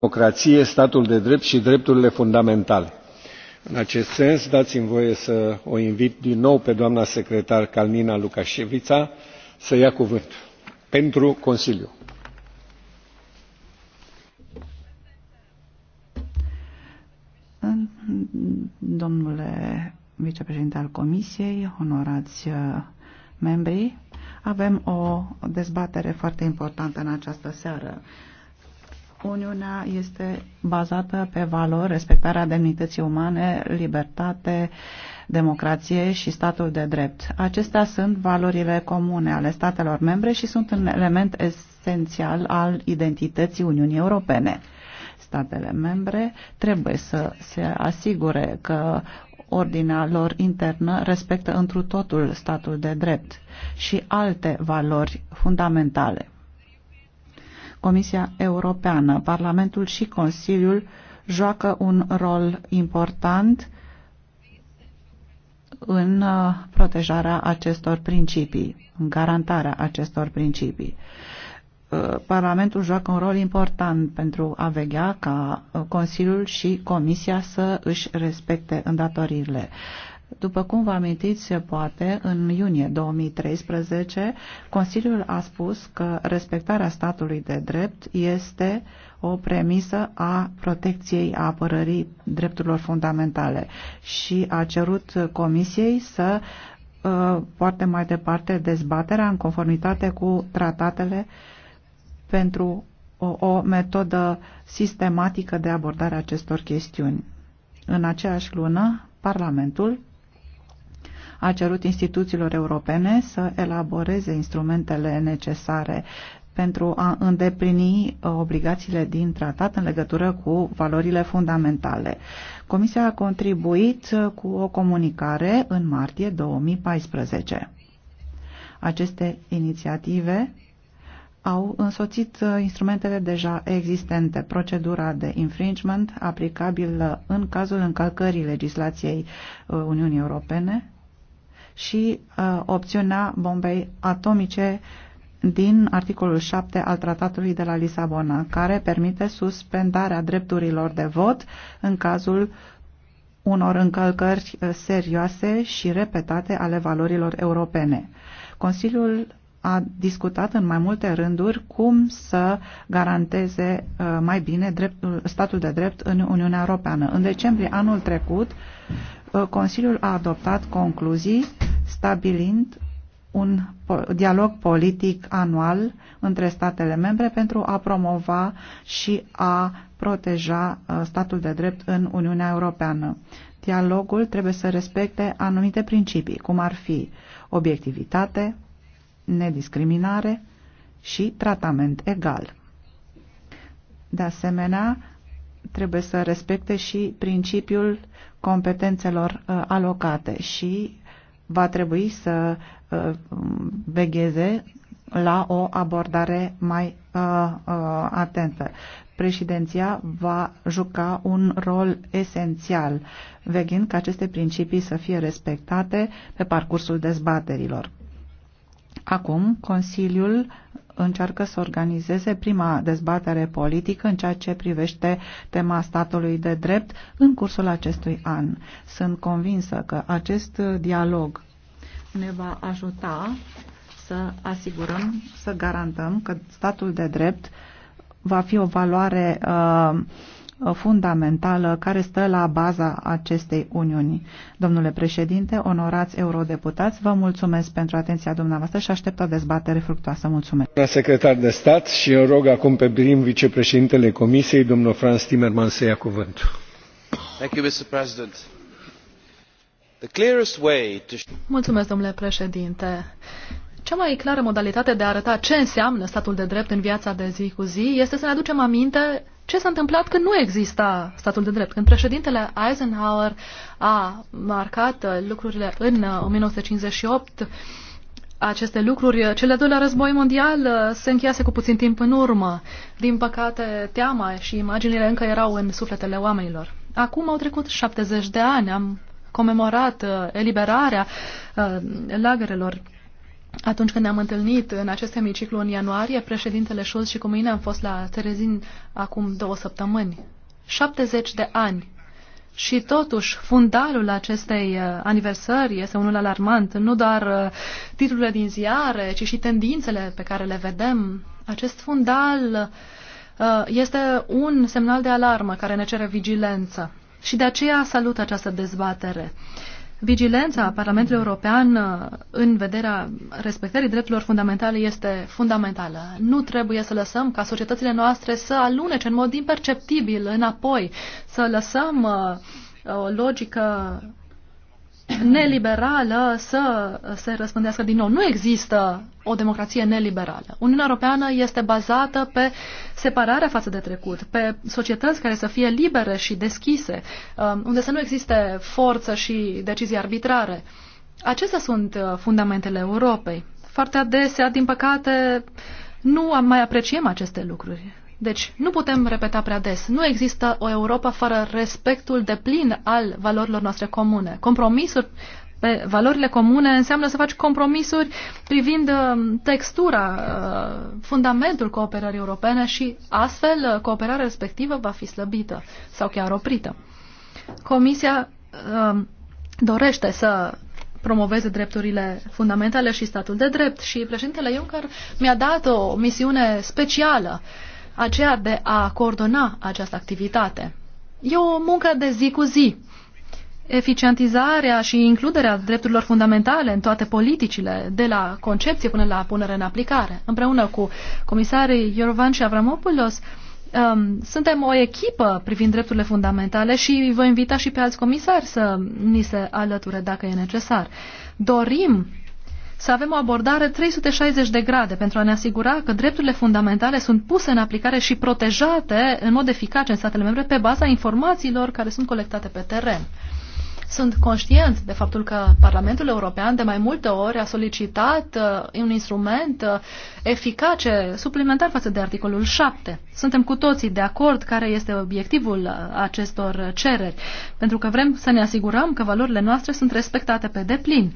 democrație statul de drept și drepturile fundamentale. în acest sens dați mi voie să o invit din nou pe doamna secretar kalnia lukaevica să ia cuvântul pentru consiliu. domnule vicepreședinte al comisiei onorați uh, membri avem o dezbatere foarte importantă în această seară. Uniunea este bazată pe valori, respectarea demnității umane, libertate, democrație și statul de drept. Acestea sunt valorile comune ale statelor membre și sunt un element esențial al identității Uniunii Europene. Statele membre trebuie să se asigure că ordinea lor internă respectă întru totul statul de drept și alte valori fundamentale. Comisia Europeană, Parlamentul și Consiliul joacă un rol important în uh, protejarea acestor principii, în garantarea acestor principii. Uh, Parlamentul joacă un rol important pentru a veghea ca uh, Consiliul și Comisia să își respecte îndatoririle. După cum vă amintiți, poate, în iunie 2013, Consiliul a spus că respectarea statului de drept este o premisă a protecției, a apărării drepturilor fundamentale și a cerut Comisiei să uh, poarte mai departe dezbaterea în conformitate cu tratatele pentru o, o metodă sistematică de abordare a acestor chestiuni. În aceeași lună, Parlamentul a cerut instituțiilor europene să elaboreze instrumentele necesare pentru a îndeplini uh, obligațiile din tratat în legătură cu valorile fundamentale. Comisia a contribuit uh, cu o comunicare în martie 2014. Aceste inițiative au însoțit uh, instrumentele deja existente, procedura de infringement aplicabilă în cazul încălcării legislației Uniunii Europene, și uh, opțiunea bombei atomice din articolul 7 al Tratatului de la Lisabona, care permite suspendarea drepturilor de vot în cazul unor încălcări serioase și repetate ale valorilor europene. Consiliul a discutat în mai multe rânduri cum să garanteze uh, mai bine dreptul, uh, statul de drept în Uniunea Europeană. În decembrie anul trecut, uh, Consiliul a adoptat concluzii stabilind un dialog politic anual între statele membre pentru a promova și a proteja statul de drept în Uniunea Europeană. Dialogul trebuie să respecte anumite principii, cum ar fi obiectivitate, nediscriminare și tratament egal. De asemenea, trebuie să respecte și principiul competențelor uh, alocate și va trebui să uh, vegheze la o abordare mai uh, atentă. Președinția va juca un rol esențial, veghind ca aceste principii să fie respectate pe parcursul dezbaterilor. Acum, Consiliul încearcă să organizeze prima dezbatere politică în ceea ce privește tema statului de drept în cursul acestui an. Sunt convinsă că acest dialog ne va ajuta să asigurăm, să garantăm că statul de drept va fi o valoare uh, fundamentală care stă la baza acestei uniuni. Domnule președinte, onorați eurodeputați, vă mulțumesc pentru atenția dumneavoastră și aștept o dezbatere fructoasă. Mulțumesc. Doamna secretar de stat și eu rog acum pe prim vicepreședintele Comisiei, domnul Franz Timmermans, să ia cuvântul. Thank you, Mr. President. The clearest way to... Mulțumesc, domnule președinte. Cea mai clară modalitate de a arăta ce înseamnă statul de drept în viața de zi cu zi este să ne aducem aminte ce s-a întâmplat că nu exista statul de drept. Când președintele Eisenhower a marcat uh, lucrurile în 1958, uh, aceste lucruri, uh, cel de-al doilea război mondial se încheiase cu puțin timp în urmă. Din păcate, teama și imaginile încă erau în sufletele oamenilor. Acum au trecut 70 de ani, am comemorat eliberarea lagărelor atunci când ne-am întâlnit în acest hemiciclu în ianuarie, președintele Schulz și cu mine am fost la Terezin acum două săptămâni. 70 de ani. Și totuși, fundalul acestei uh, aniversări este unul alarmant. Nu doar uh, titlurile din ziare, ci și tendințele pe care le vedem. Acest fundal uh, este un semnal de alarmă care ne cere vigilență. Și de aceea salut această dezbatere. Uh, Vigilența Parlamentului European uh, în vederea respectării drepturilor fundamentale este fundamentală. Nu trebuie să lăsăm ca societățile noastre să alunece în mod imperceptibil înapoi, să lăsăm uh, o logică neliberală să se răspândească din nou. Nu există o democrație neliberală. Uniunea Europeană este bazată pe separarea față de trecut, pe societăți care să fie libere și deschise, um, unde să nu existe forță și decizii arbitrare. Acestea sunt uh, fundamentele Europei. Foarte adesea, din păcate, nu mai apreciem aceste lucruri. Deci nu putem repeta prea des. Nu există o Europa fără respectul de plin al valorilor noastre comune. Compromisuri pe valorile comune înseamnă să faci compromisuri privind uh, textura, uh, fundamentul cooperării europene și astfel uh, cooperarea respectivă va fi slăbită sau chiar oprită. Comisia dorește să promoveze drepturile fundamentale și statul de drept și președintele Juncker mi-a dat o misiune specială uh, aceea de a coordona această activitate. E o muncă de zi cu zi. Eficientizarea și includerea drepturilor fundamentale în toate politicile, de la concepție până la punere în aplicare. Împreună cu comisarii Iorvan și Avramopoulos, um, suntem o echipă privind drepturile fundamentale și vă invita și pe alți comisari să ni se alăture dacă e necesar. Dorim să avem o abordare 360 de grade pentru a ne asigura că drepturile fundamentale sunt puse în aplicare și protejate în mod eficace în statele membre pe baza informațiilor care sunt colectate pe teren. Sunt conștient de faptul că Parlamentul European de mai multe ori a solicitat uh, un instrument uh, eficace, suplimentar față de articolul 7. Suntem cu toții de acord care este obiectivul uh, acestor cereri, pentru că vrem să ne asigurăm că valorile noastre sunt respectate pe deplin.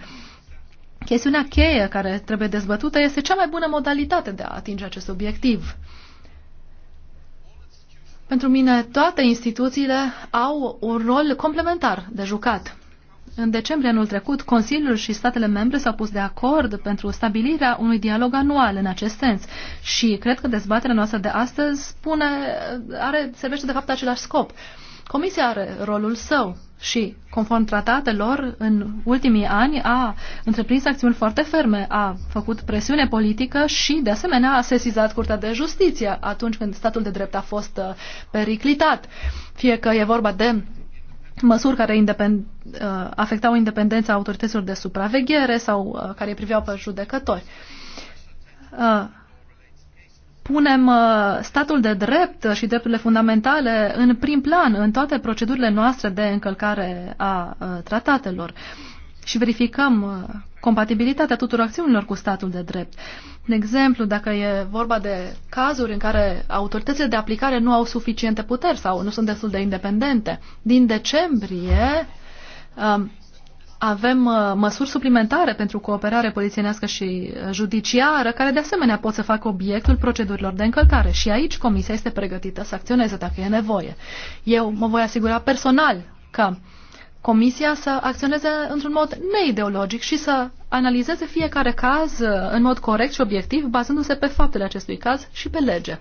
Chestiunea cheie care trebuie dezbătută este cea mai bună modalitate de a atinge acest obiectiv. Pentru mine, toate instituțiile au un rol complementar de jucat. În decembrie anul trecut, Consiliul și statele membre s-au pus de acord pentru stabilirea unui dialog anual în acest sens și cred că dezbaterea noastră de astăzi spune, are, servește de fapt același scop. Comisia are rolul său și, conform tratatelor, în ultimii ani a întreprins acțiuni foarte ferme, a făcut presiune politică și, de asemenea, a sesizat Curtea de Justiție atunci când statul de drept a fost uh, periclitat. Fie că e vorba de măsuri care independ, uh, afectau independența autorităților de supraveghere sau uh, care priveau pe judecători punem uh, statul de drept și drepturile fundamentale în prim plan în toate procedurile noastre de încălcare a uh, tratatelor și verificăm uh, compatibilitatea tuturor acțiunilor cu statul de drept. De exemplu, dacă e vorba de cazuri în care autoritățile de aplicare nu au suficiente puteri sau nu sunt destul de independente. Din decembrie, um, avem uh, măsuri suplimentare pentru cooperare polițienească și uh, judiciară, care de asemenea pot să facă obiectul procedurilor de încălcare. Și aici Comisia este pregătită să acționeze dacă e nevoie. Eu mă voi asigura personal că Comisia să acționeze într-un mod neideologic și să analizeze fiecare caz uh, în mod corect și obiectiv, bazându-se pe faptele acestui caz și pe lege.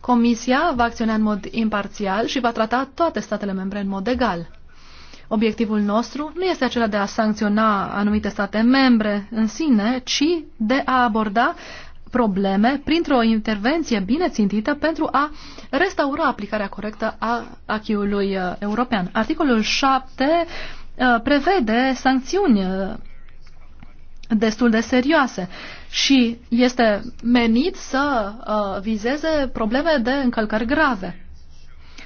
Comisia va acționa în mod imparțial și va trata toate statele membre în mod egal. Obiectivul nostru nu este acela de a sancționa anumite state membre în sine, ci de a aborda probleme printr-o intervenție bine țintită pentru a restaura aplicarea corectă a achiului uh, european. Articolul 7 uh, prevede sancțiuni uh, destul de serioase și este menit să vizeze probleme de încălcări grave.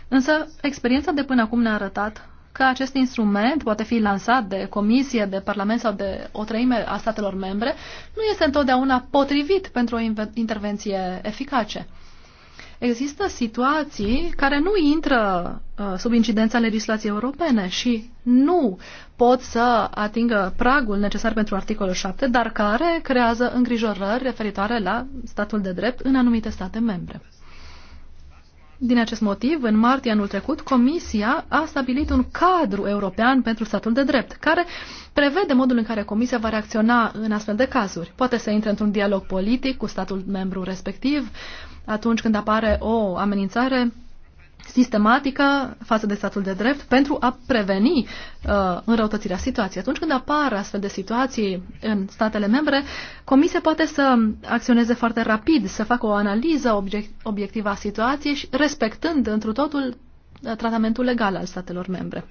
Însă, experiența de până acum ne-a arătat că acest instrument poate fi lansat de comisie, de parlament sau de o treime a statelor membre, nu este întotdeauna potrivit pentru o intervenție eficace. Există situații care nu intră uh, sub incidența legislației europene și nu pot să atingă pragul necesar pentru articolul 7, dar care creează îngrijorări referitoare la statul de drept în anumite state membre. Din acest motiv, în martie anul trecut, Comisia a stabilit un cadru european pentru statul de drept, care prevede modul în care Comisia va reacționa în astfel de cazuri. Poate să intre într-un dialog politic cu statul membru respectiv atunci când apare o amenințare sistematică față de statul de drept pentru a preveni uh, înrăutățirea situației. Atunci când apar astfel de situații în statele membre, Comisia poate să acționeze foarte rapid, să facă o analiză obiect obiectivă a situației și respectând întru totul uh, tratamentul legal al statelor membre.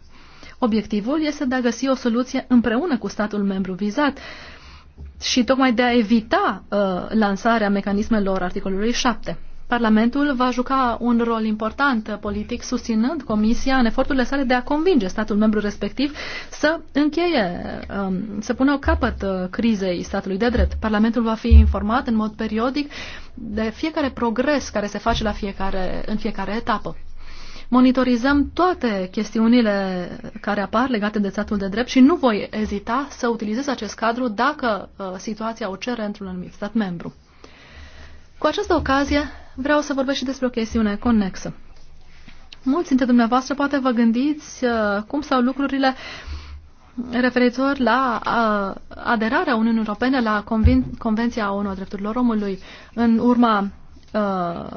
Obiectivul este de a găsi o soluție împreună cu statul membru vizat și tocmai de a evita uh, lansarea mecanismelor articolului 7. Parlamentul va juca un rol important politic, susținând Comisia în eforturile sale de a convinge statul membru respectiv să încheie, um, să pună capăt uh, crizei statului de drept. Parlamentul va fi informat în mod periodic de fiecare progres care se face la fiecare, în fiecare etapă. Monitorizăm toate chestiunile care apar legate de statul de drept și nu voi ezita să utilizez acest cadru dacă uh, situația o cere într-un anumit stat membru. Cu această ocazie, vreau să vorbesc și despre o chestiune conexă. Mulți dintre dumneavoastră poate vă gândiți uh, cum stau lucrurile referitor la uh, aderarea Uniunii Europene la Convenția ONU a Drepturilor Omului în urma uh,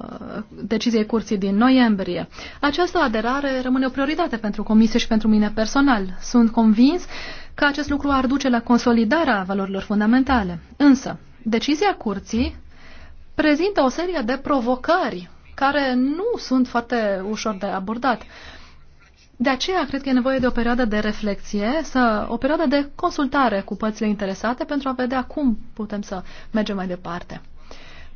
deciziei curții din noiembrie. Această aderare rămâne o prioritate pentru Comisie și pentru mine personal. Sunt convins că acest lucru ar duce la consolidarea valorilor fundamentale. Însă, decizia curții prezintă o serie de provocări care nu sunt foarte ușor de abordat. De aceea cred că e nevoie de o perioadă de reflexie, să, o perioadă de consultare cu părțile interesate pentru a vedea cum putem să mergem mai departe.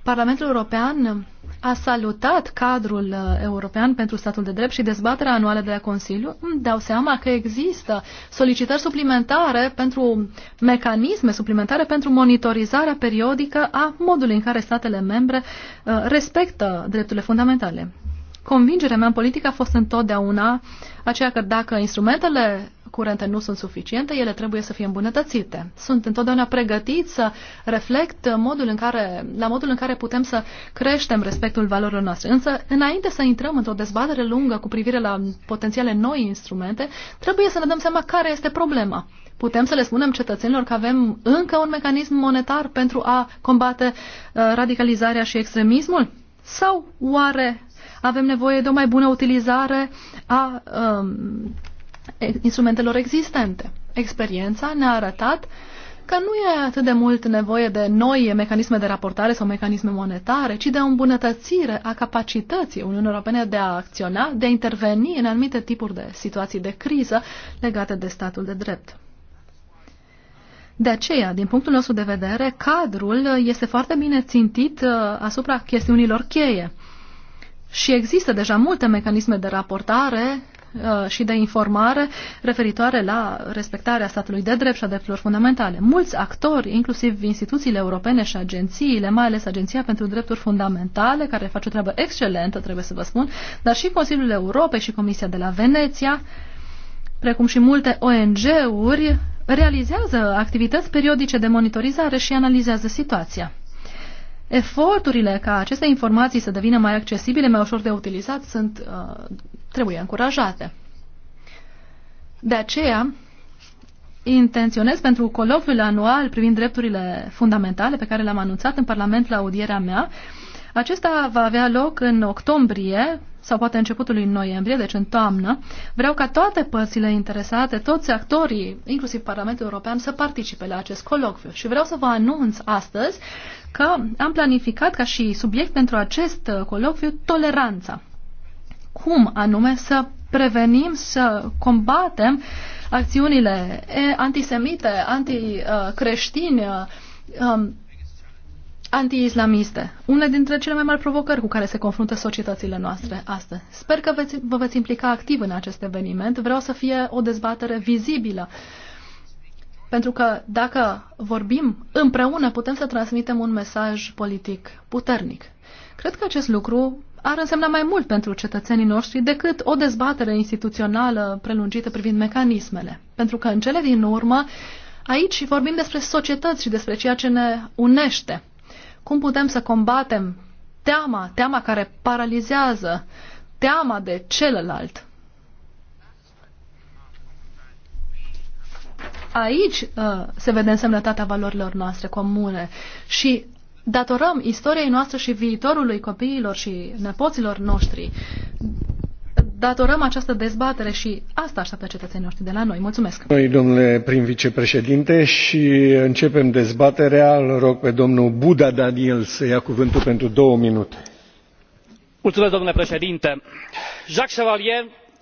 Parlamentul European a salutat cadrul uh, european pentru statul de drept și dezbaterea anuală de la Consiliu. Îmi dau seama că există solicitări suplimentare pentru mecanisme suplimentare pentru monitorizarea periodică a modului în care statele membre uh, respectă drepturile fundamentale. Convingerea mea în politică a fost întotdeauna aceea că dacă instrumentele curente nu sunt suficiente, ele trebuie să fie îmbunătățite. Sunt întotdeauna pregătiți să reflect modul în care, la modul în care putem să creștem respectul valorilor noastre. Însă, înainte să intrăm într-o dezbatere lungă cu privire la potențiale noi instrumente, trebuie să ne dăm seama care este problema. Putem să le spunem cetățenilor că avem încă un mecanism monetar pentru a combate uh, radicalizarea și extremismul? Sau oare avem nevoie de o mai bună utilizare a um, instrumentelor existente. Experiența ne-a arătat că nu e atât de mult nevoie de noi mecanisme de raportare sau mecanisme monetare, ci de o îmbunătățire a capacității Uniunii Europene de a acționa, de a interveni în anumite tipuri de situații de criză legate de statul de drept. De aceea, din punctul nostru de vedere, cadrul este foarte bine țintit uh, asupra chestiunilor cheie. Și există deja multe mecanisme de raportare Uh, și de informare referitoare la respectarea statului de drept și a drepturilor fundamentale. Mulți actori, inclusiv instituțiile europene și agențiile, mai ales Agenția pentru Drepturi Fundamentale, care face o treabă excelentă, trebuie să vă spun, dar și Consiliul Europei și Comisia de la Veneția, precum și multe ONG-uri, realizează activități periodice de monitorizare și analizează situația. Eforturile ca aceste informații să devină mai accesibile, mai ușor de utilizat, sunt, uh, trebuie încurajate. De aceea, intenționez pentru colofiul anual privind drepturile fundamentale pe care l-am anunțat în Parlament la audierea mea. Acesta va avea loc în octombrie sau poate începutul lui noiembrie, deci în toamnă. Vreau ca toate părțile interesate, toți actorii, inclusiv Parlamentul European, să participe la acest colocviu. Și vreau să vă anunț astăzi că am planificat ca și subiect pentru acest uh, colocviu toleranța. Cum anume să prevenim, să combatem acțiunile antisemite, anticreștine, uh, um, anti-islamiste, una dintre cele mai mari provocări cu care se confruntă societățile noastre astăzi. Sper că veți, vă veți implica activ în acest eveniment. Vreau să fie o dezbatere vizibilă pentru că dacă vorbim împreună, putem să transmitem un mesaj politic puternic. Cred că acest lucru ar însemna mai mult pentru cetățenii noștri decât o dezbatere instituțională prelungită privind mecanismele. Pentru că, în cele din urmă, aici vorbim despre societăți și despre ceea ce ne unește. Cum putem să combatem teama, teama care paralizează, teama de celălalt. aici uh, se vede însemnătatea valorilor noastre comune și datorăm istoriei noastre și viitorului copiilor și nepoților noștri. Datorăm această dezbatere și asta așteaptă cetățenii noștri de la noi. Mulțumesc! Noi, domnule prim vicepreședinte, și începem dezbaterea. Îl rog pe domnul Buda Daniel să ia cuvântul pentru două minute. Mulțumesc, domnule președinte. Jacques Chevalier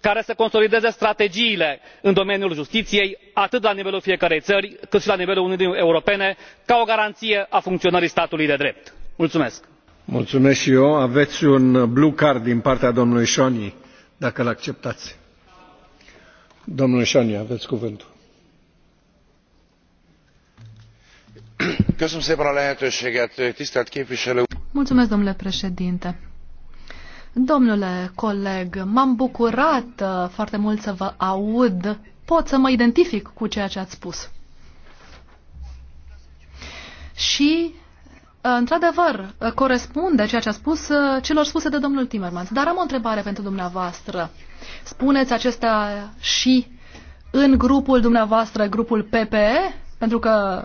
care să consolideze strategiile în domeniul justiției atât la nivelul fiecărei țări cât și la nivelul uniunii europene ca o garanție a funcționării statului de drept. mulțumesc. mulțumesc și eu. aveți un blue card din partea domnului sonyi dacă îl acceptați. domnule sonyi aveți cuvântul. Mulțumesc, domnule președinte Domnule coleg, m-am bucurat uh, foarte mult să vă aud. Pot să mă identific cu ceea ce ați spus. Și, uh, într-adevăr, uh, corespunde ceea ce a spus celor spuse de domnul Timmermans. Dar am o întrebare pentru dumneavoastră. Spuneți acestea și în grupul dumneavoastră, grupul PPE? Pentru că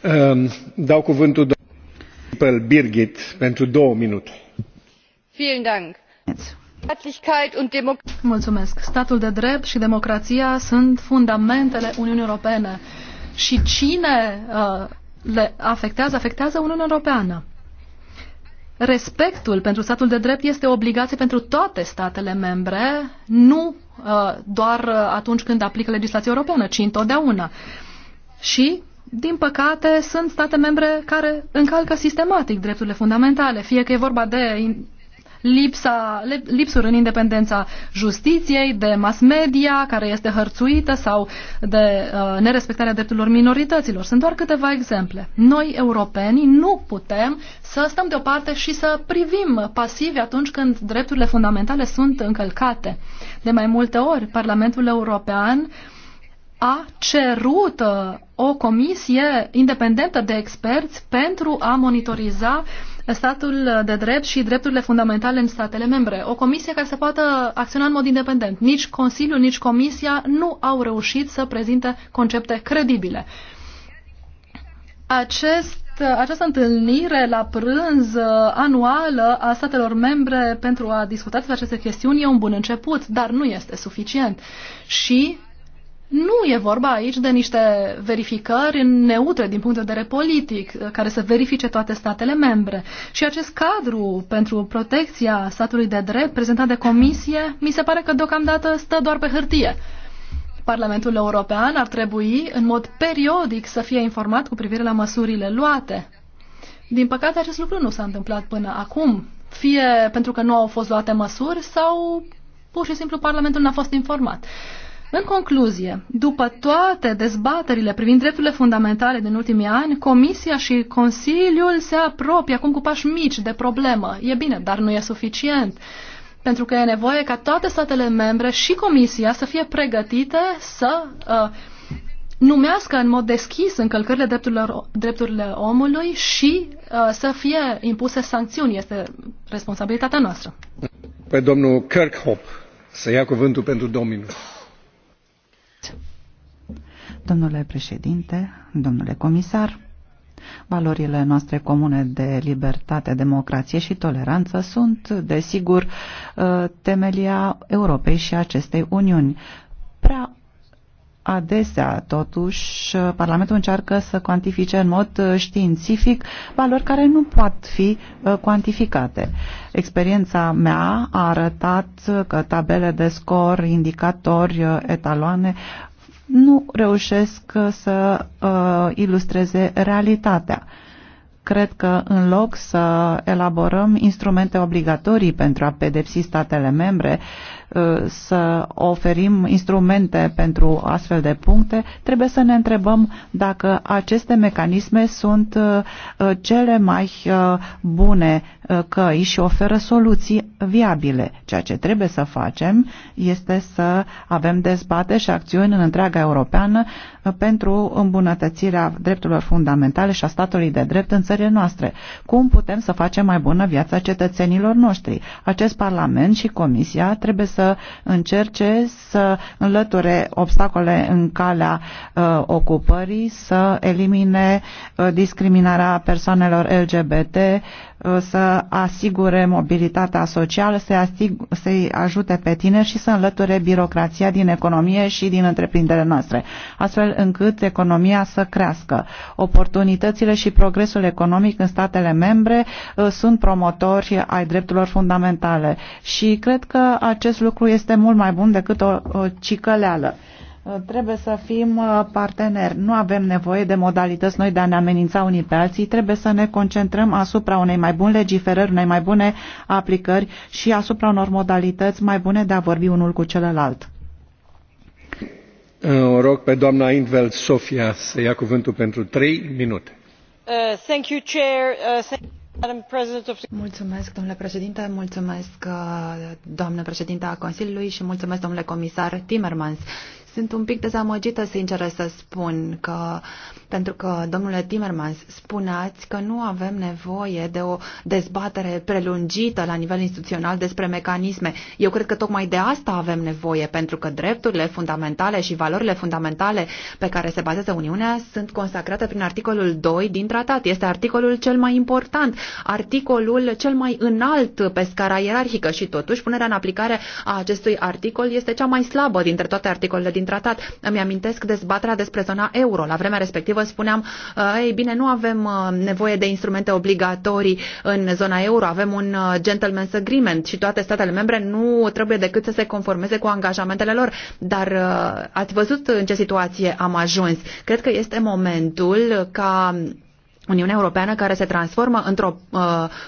Ehm, dau cuvântul doamnei Birgit pentru două minute. Mulțumesc. Statul de drept și democrația sunt fundamentele Uniunii Europene. Și cine uh, le afectează, afectează Uniunea Europeană. Respectul pentru statul de drept este o obligație pentru toate statele membre, nu uh, doar uh, atunci când aplică legislația europeană, ci întotdeauna. Și din păcate, sunt state membre care încalcă sistematic drepturile fundamentale, fie că e vorba de lipsa, lipsuri în independența justiției, de mass media care este hărțuită sau de uh, nerespectarea drepturilor minorităților. Sunt doar câteva exemple. Noi, europenii, nu putem să stăm deoparte și să privim pasivi atunci când drepturile fundamentale sunt încălcate. De mai multe ori, Parlamentul European uh, a cerut uh, o comisie independentă de experți pentru a monitoriza statul de drept și drepturile fundamentale în statele membre. O comisie care să poată acționa în mod independent. Nici Consiliul, nici Comisia nu au reușit să prezinte concepte credibile. Acest această întâlnire la prânz uh, anuală a statelor membre pentru a discuta despre aceste chestiuni e un bun început, dar nu este suficient. Și nu e vorba aici de niște verificări neutre din punct de vedere politic, care să verifice toate statele membre. Și acest cadru pentru protecția statului de drept prezentat de comisie, mi se pare că deocamdată stă doar pe hârtie. Parlamentul European ar trebui în mod periodic să fie informat cu privire la măsurile luate. Din păcate, acest lucru nu s-a întâmplat până acum, fie pentru că nu au fost luate măsuri sau pur și simplu Parlamentul n-a fost informat. În concluzie, după toate dezbaterile privind drepturile fundamentale din ultimii ani, Comisia și Consiliul se apropie acum cu pași mici de problemă. E bine, dar nu e suficient pentru că e nevoie ca toate statele membre și Comisia să fie pregătite să uh, numească în mod deschis încălcările drepturilor, drepturile omului și uh, să fie impuse sancțiuni. Este responsabilitatea noastră. Pe domnul Kirkhope să ia cuvântul pentru două minute. Domnule președinte, domnule comisar, Valorile noastre comune de libertate, democrație și toleranță sunt, desigur, uh, temelia Europei și acestei Uniuni. Prea adesea, totuși, Parlamentul încearcă să cuantifice în mod uh, științific valori care nu pot fi uh, cuantificate. Experiența mea a arătat că tabele de scor, indicatori, etaloane nu reușesc să uh, ilustreze realitatea. Cred că în loc să elaborăm instrumente obligatorii pentru a pedepsi statele membre, să oferim instrumente pentru astfel de puncte, trebuie să ne întrebăm dacă aceste mecanisme sunt uh, uh, cele mai uh, bune căi și oferă soluții viabile. Ceea ce trebuie să facem este să avem dezbate și acțiuni în întreaga europeană pentru îmbunătățirea drepturilor fundamentale și a statului de drept în țările noastre. Cum putem să facem mai bună viața cetățenilor noștri? Acest Parlament și Comisia trebuie să să încerce să înlăture obstacole în calea uh, ocupării, să elimine uh, discriminarea persoanelor LGBT, Uh, să asigure mobilitatea socială, să-i, asig- să ajute pe tine și să înlăture birocrația din economie și din întreprinderile noastre, astfel încât economia să crească. Oportunitățile și progresul economic în statele membre uh, sunt promotori ai drepturilor fundamentale și cred că acest lucru este mult mai bun decât o, o cicăleală. Uh, trebuie să fim uh, parteneri. Nu avem nevoie de modalități noi de a ne amenința unii pe alții. Trebuie să ne concentrăm asupra unei mai bune legiferări, unei mai bune aplicări și asupra unor modalități mai bune de a vorbi unul cu celălalt. Uh, o rog pe doamna Invel Sofia să ia cuvântul pentru trei minute. Uh, thank you, Chair. Uh, thank Mulțumesc, domnule președinte, mulțumesc, doamnă președinte a Consiliului și mulțumesc, domnule comisar Timmermans. Sunt un pic dezamăgită, sinceră, să spun că, pentru că, domnule Timmermans, spuneați că nu avem nevoie de o dezbatere prelungită la nivel instituțional despre mecanisme. Eu cred că tocmai de asta avem nevoie, pentru că drepturile fundamentale și valorile fundamentale pe care se bazează Uniunea sunt consacrate prin articolul 2 din tratat. Este articolul cel mai important, articolul cel mai înalt pe scara ierarhică și totuși punerea în aplicare a acestui articol este cea mai slabă dintre toate articolele din din tratat. Îmi amintesc dezbaterea despre zona euro. La vremea respectivă spuneam, uh, ei bine, nu avem uh, nevoie de instrumente obligatorii în zona euro, avem un uh, gentleman's agreement și toate statele membre nu trebuie decât să se conformeze cu angajamentele lor. Dar ați văzut în ce situație am ajuns. Cred că este momentul ca Uniunea Europeană care se transformă într-o uh,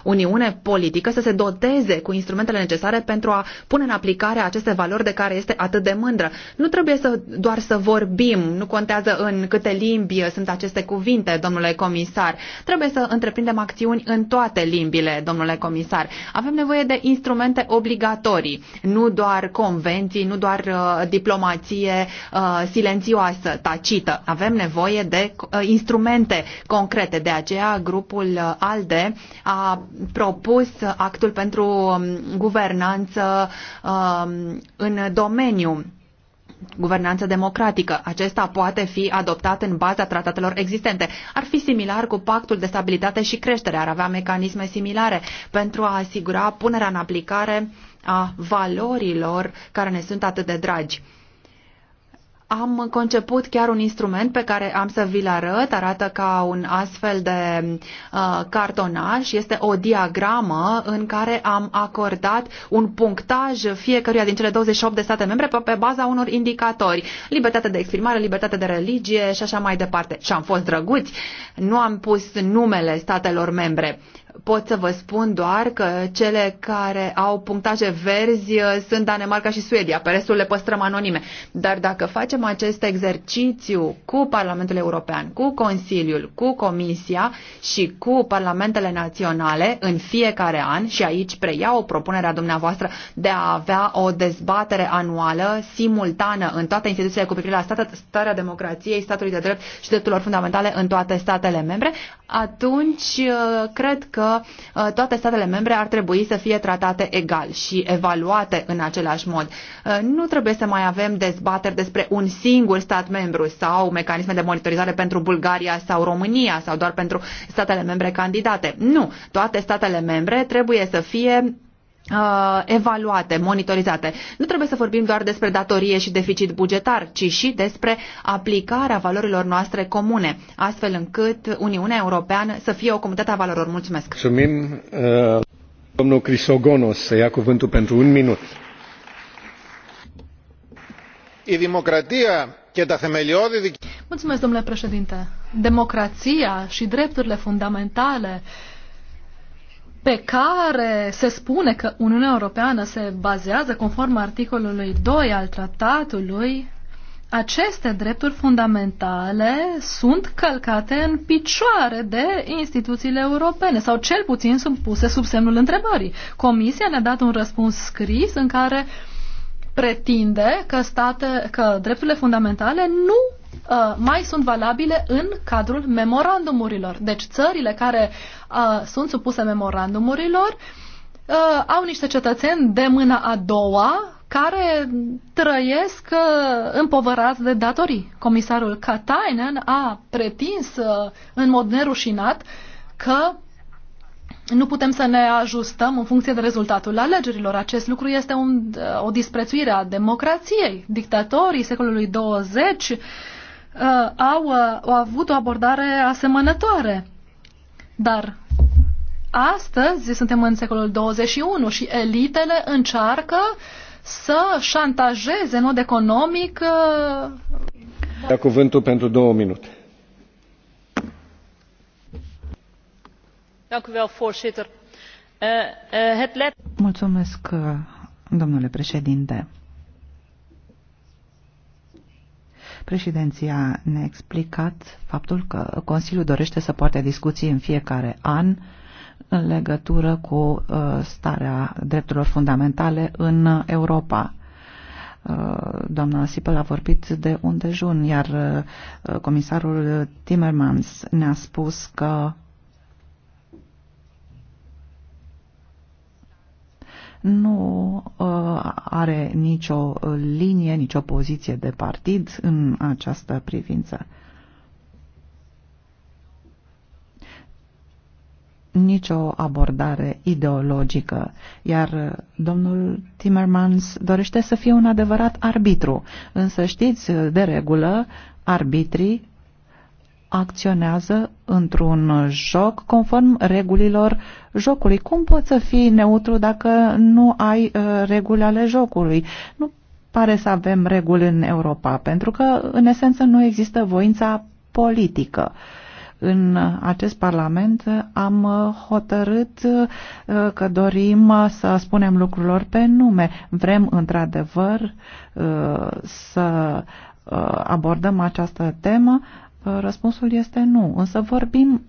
uniune politică să se doteze cu instrumentele necesare pentru a pune în aplicare aceste valori de care este atât de mândră. Nu trebuie să doar să vorbim, nu contează în câte limbi sunt aceste cuvinte, domnule comisar. Trebuie să întreprindem acțiuni în toate limbile, domnule comisar. Avem nevoie de instrumente obligatorii, nu doar convenții, nu doar uh, diplomație uh, silențioasă, tacită. Avem nevoie de uh, instrumente concrete de aceea, grupul ALDE a propus actul pentru um, guvernanță um, în domeniu guvernanță democratică. Acesta poate fi adoptat în baza tratatelor existente. Ar fi similar cu pactul de stabilitate și creștere, ar avea mecanisme similare pentru a asigura punerea în aplicare a valorilor care ne sunt atât de dragi. Am conceput chiar un instrument pe care am să vi-l arăt, arată ca un astfel de uh, cartonaș, este o diagramă în care am acordat un punctaj fiecăruia din cele 28 de state membre pe, pe baza unor indicatori, libertate de exprimare, libertate de religie și așa mai departe. Și am fost drăguți, nu am pus numele statelor membre, Pot să vă spun doar că cele care au punctaje verzi uh, sunt Danemarca și Suedia, pe restul le păstrăm anonime. Dar dacă facem acest exercițiu cu Parlamentul European, cu Consiliul, cu Comisia și cu Parlamentele Naționale în fiecare an, și aici preiau propunerea dumneavoastră de a avea o dezbatere anuală simultană în toate instituțiile cu privire la starea democrației, statului de drept și drepturilor fundamentale în toate statele membre, atunci uh, cred că că uh, toate statele membre ar trebui să fie tratate egal și evaluate în același mod. Uh, nu trebuie să mai avem dezbateri despre un singur stat membru sau mecanisme de monitorizare pentru Bulgaria sau România sau doar pentru statele membre candidate. Nu, toate statele membre trebuie să fie Uh, evaluate, monitorizate. Nu trebuie să vorbim doar despre datorie și deficit bugetar, ci și despre aplicarea valorilor noastre comune, astfel încât Uniunea Europeană să fie o comunitate a valorilor. Mulțumesc! Mulțumim! Uh, domnul Crisogonos să ia cuvântul pentru un minut. E democrația Mulțumesc, domnule președinte. Democrația și drepturile fundamentale pe care se spune că Uniunea Europeană se bazează conform articolului 2 al tratatului, aceste drepturi fundamentale sunt călcate în picioare de instituțiile europene sau cel puțin sunt puse sub semnul întrebării. Comisia ne-a dat un răspuns scris în care pretinde că, state, că drepturile fundamentale nu Uh, mai sunt valabile în cadrul memorandumurilor. Deci țările care uh, sunt supuse memorandumurilor uh, au niște cetățeni de mâna a doua care trăiesc uh, împovărați de datorii. Comisarul Katainen a pretins uh, în mod nerușinat că nu putem să ne ajustăm în funcție de rezultatul alegerilor. Acest lucru este un, uh, o disprețuire a democrației. Dictatorii secolului 20 Uh, au, uh, au avut o abordare asemănătoare. Dar astăzi suntem în secolul 21 și elitele încearcă să șantajeze în mod economic. Da cuvântul pentru două minute. Eh, eh, Mulțumesc, eh, domnule președinte. Președinția ne-a explicat faptul că Consiliul dorește să poarte discuții în fiecare an în legătură cu uh, starea drepturilor fundamentale în Europa. Uh, doamna Sipel a vorbit de un dejun, iar uh, comisarul Timmermans ne-a spus că nu uh, are nicio uh, linie, nicio poziție de partid în această privință. nicio abordare ideologică, iar uh, domnul Timmermans dorește să fie un adevărat arbitru. Însă știți, de regulă, arbitrii acționează într-un joc conform regulilor jocului. Cum poți să fii neutru dacă nu ai uh, reguli ale jocului? Nu pare să avem reguli în Europa, pentru că, în esență, nu există voința politică. În acest Parlament am uh, hotărât uh, că dorim să spunem lucrurilor pe nume. Vrem, într-adevăr, să abordăm această temă, Răspunsul este nu, însă vorbim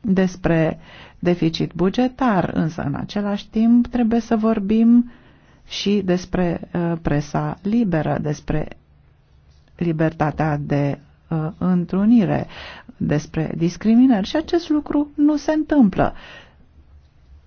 despre deficit bugetar, însă în același timp trebuie să vorbim și despre uh, presa liberă, despre libertatea de uh, întrunire, despre discriminări și acest lucru nu se întâmplă.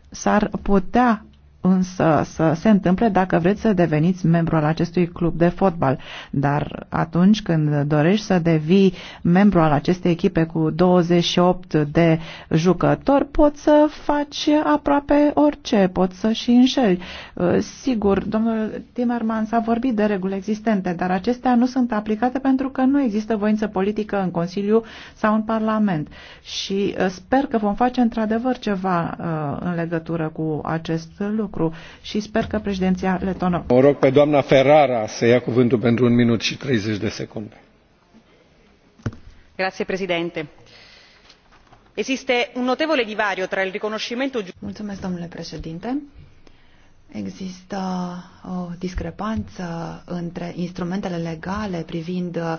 S-ar putea însă să se întâmple dacă vreți să deveniți membru al acestui club de fotbal. Dar atunci când dorești să devii membru al acestei echipe cu 28 de jucători, poți să faci aproape orice, poți să și înșeli. Uh, sigur, domnul Timerman s-a vorbit de reguli existente, dar acestea nu sunt aplicate pentru că nu există voință politică în Consiliu sau în Parlament. Și uh, sper că vom face într-adevăr ceva uh, în legătură cu acest lucru lucru și sper că președinția letonă. O rog pe doamna Ferrara să ia cuvântul pentru un minut și 30 de secunde. Grazie președinte. Există un notevole divario tra il riconoscimento... Mulțumesc, domnule președinte. Există o uh, discrepanță între instrumentele legale privind uh,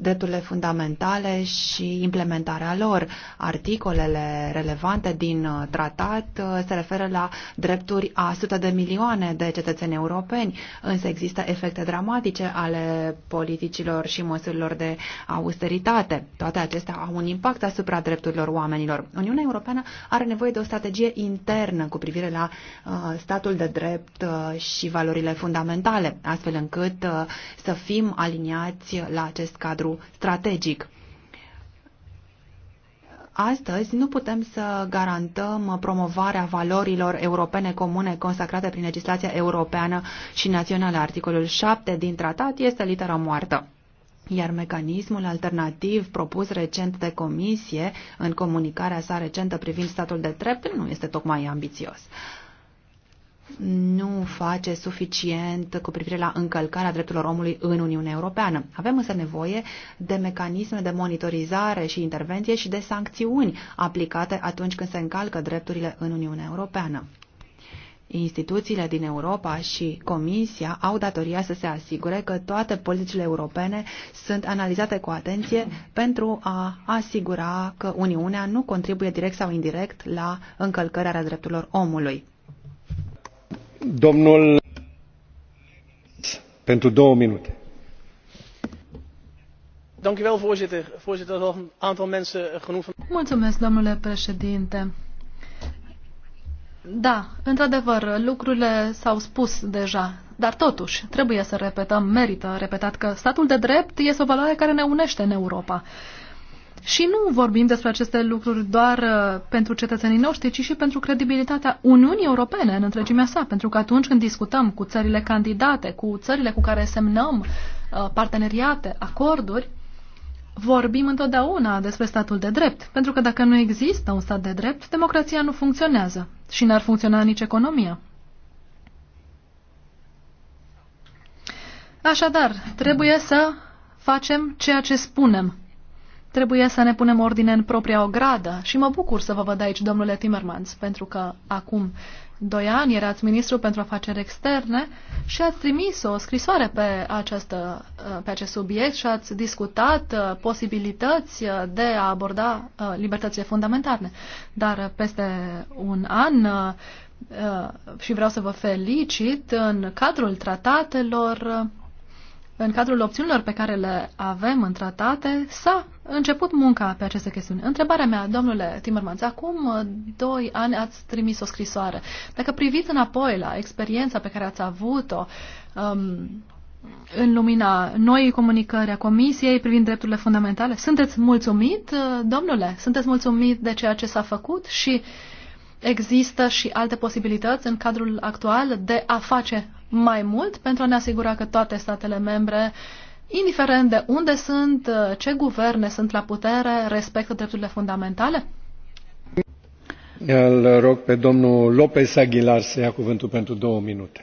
drepturile fundamentale și implementarea lor. Articolele relevante din uh, tratat uh, se referă la drepturi a sute de milioane de cetățeni europeni, însă există efecte dramatice ale politicilor și măsurilor de austeritate. Toate acestea au un impact asupra drepturilor oamenilor. Uniunea Europeană are nevoie de o strategie internă cu privire la uh, statul de drept uh, și valorile fundamentale, astfel încât uh, să fim aliniați la acest cadru centru strategic. Astăzi nu putem să garantăm promovarea valorilor europene comune consacrate prin legislația europeană și națională. Articolul 7 din tratat este litera moartă iar mecanismul alternativ propus recent de comisie în comunicarea sa recentă privind statul de drept nu este tocmai ambițios nu face suficient cu privire la încălcarea drepturilor omului în Uniunea Europeană. Avem însă nevoie de mecanisme de monitorizare și intervenție și de sancțiuni aplicate atunci când se încalcă drepturile în Uniunea Europeană. Instituțiile din Europa și Comisia au datoria să se asigure că toate politicile europene sunt analizate cu atenție pentru a asigura că Uniunea nu contribuie direct sau indirect la încălcarea drepturilor omului domnule președinte. Da, într-adevăr, lucrurile s-au spus deja, dar totuși trebuie să repetăm, merită repetat că statul de drept este o valoare care ne unește în Europa. Și nu vorbim despre aceste lucruri doar uh, pentru cetățenii noștri, ci și pentru credibilitatea Uniunii Europene în întregimea sa. Pentru că atunci când discutăm cu țările candidate, cu țările cu care semnăm uh, parteneriate, acorduri, vorbim întotdeauna despre statul de drept. Pentru că dacă nu există un stat de drept, democrația nu funcționează și n-ar funcționa nici economia. Așadar, trebuie să facem ceea ce spunem trebuie să ne punem ordine în propria ogradă și mă bucur să vă văd aici, domnule Timmermans, pentru că acum doi ani erați ministru pentru afaceri externe și ați trimis o scrisoare pe, această, uh, pe acest subiect și ați discutat uh, posibilități uh, de a aborda libertățile fundamentale. Dar peste un an și vreau să vă felicit în cadrul tratatelor în cadrul opțiunilor pe care le avem în tratate, s-a început munca pe aceste chestiuni. Întrebarea mea, domnule Timmermans, acum uh, doi ani ați trimis o scrisoare. Dacă priviți înapoi la experiența pe care ați avut-o um, în lumina noii comunicări a Comisiei privind drepturile fundamentale, sunteți mulțumit, uh, domnule? Sunteți mulțumit de ceea ce s-a făcut și există și alte posibilități în cadrul actual de a face mai mult pentru a ne asigura că toate statele membre, indiferent de unde sunt, ce guverne sunt la putere, respectă drepturile fundamentale? Îl rog pe domnul Lopez Aguilar să ia cuvântul pentru două minute.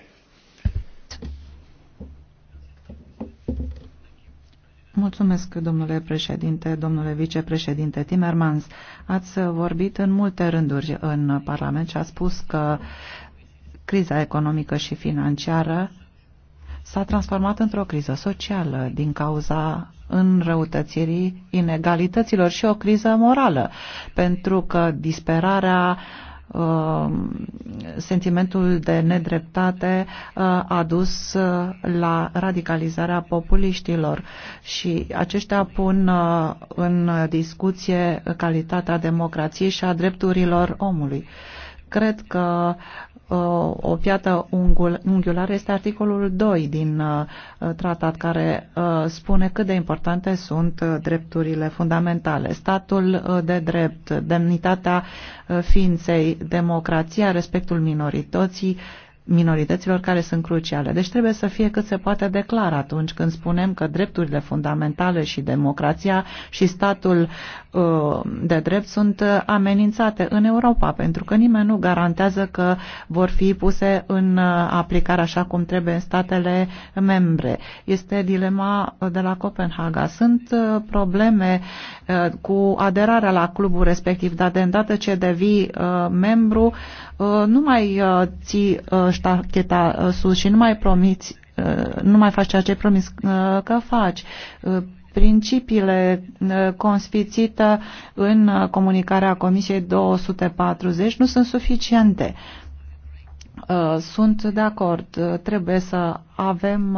Mulțumesc, domnule președinte, domnule vicepreședinte Timmermans. Ați vorbit în multe rânduri în Parlament și ați spus că criza economică și financiară s-a transformat într-o criză socială din cauza înrăutățirii inegalităților și o criză morală, pentru că disperarea uh, sentimentul de nedreptate uh, a dus uh, la radicalizarea populiștilor și aceștia pun în discuție calitatea democrației și a drepturilor omului. Cred că Uh, o piată unghiulară este articolul 2 din uh, tratat care uh, spune cât de importante sunt drepturile fundamentale. Statul de drept, demnitatea ființei, democrația, respectul minorității, minorităților care sunt cruciale. Deci trebuie să fie cât se poate declar atunci când spunem că drepturile fundamentale și democrația și statul Uh, de drept sunt amenințate în Europa, pentru că nimeni nu garantează că vor fi puse în uh, aplicare așa cum trebuie în statele membre. Este dilema de la Copenhaga. Sunt uh, probleme cu aderarea la clubul respectiv, dar de îndată ce devii membru, nu mai ții ștacheta sus și nu mai promiți nu mai faci ceea ce ai promis că faci principiile uh, consfițită în uh, comunicarea Comisiei 240 nu sunt suficiente. Uh, sunt de acord, trebuie să avem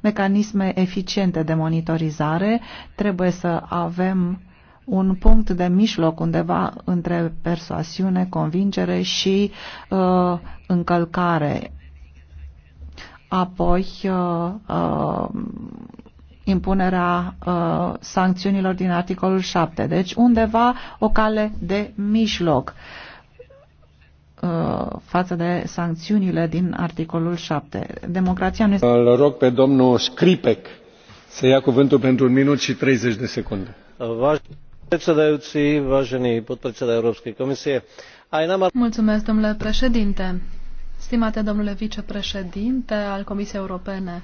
mecanisme eficiente de monitorizare, trebuie să avem un punct de mijloc undeva între persoasiune, convingere și uh, încălcare. Apoi, uh, uh, impunerea uh, sancțiunilor din articolul 7. Deci undeva o cale de mijloc uh, față de sancțiunile din articolul 7. Democrația nu este... Îl rog pe domnul Scripec să ia cuvântul pentru un minut și 30 de secunde. Mulțumesc, domnule președinte. Stimate domnule vicepreședinte al Comisiei Europene,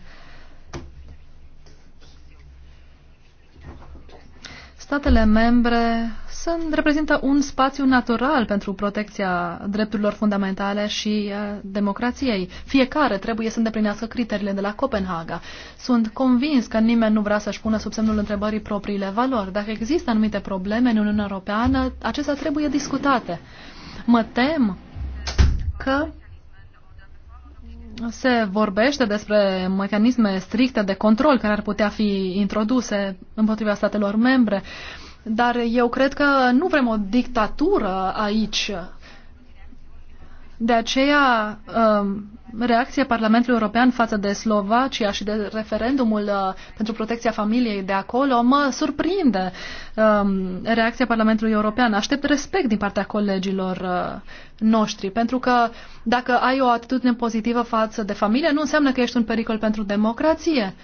statele membre sunt, reprezintă un spațiu natural pentru protecția drepturilor fundamentale și uh, democrației. Fiecare trebuie să îndeplinească criteriile de la Copenhaga. Sunt convins că nimeni nu vrea să-și pună sub semnul întrebării propriile valori. Dacă există anumite probleme în Uniunea Europeană, acestea trebuie discutate. Mă tem că se vorbește despre mecanisme stricte de control care ar putea fi introduse împotriva statelor membre, dar eu cred că nu vrem o dictatură aici. De aceea, um, reacția Parlamentului European față de Slovacia și de referendumul uh, pentru protecția familiei de acolo mă surprinde um, reacția Parlamentului European. Aștept respect din partea colegilor uh, noștri, pentru că dacă ai o atitudine pozitivă față de familie, nu înseamnă că ești un pericol pentru democrație.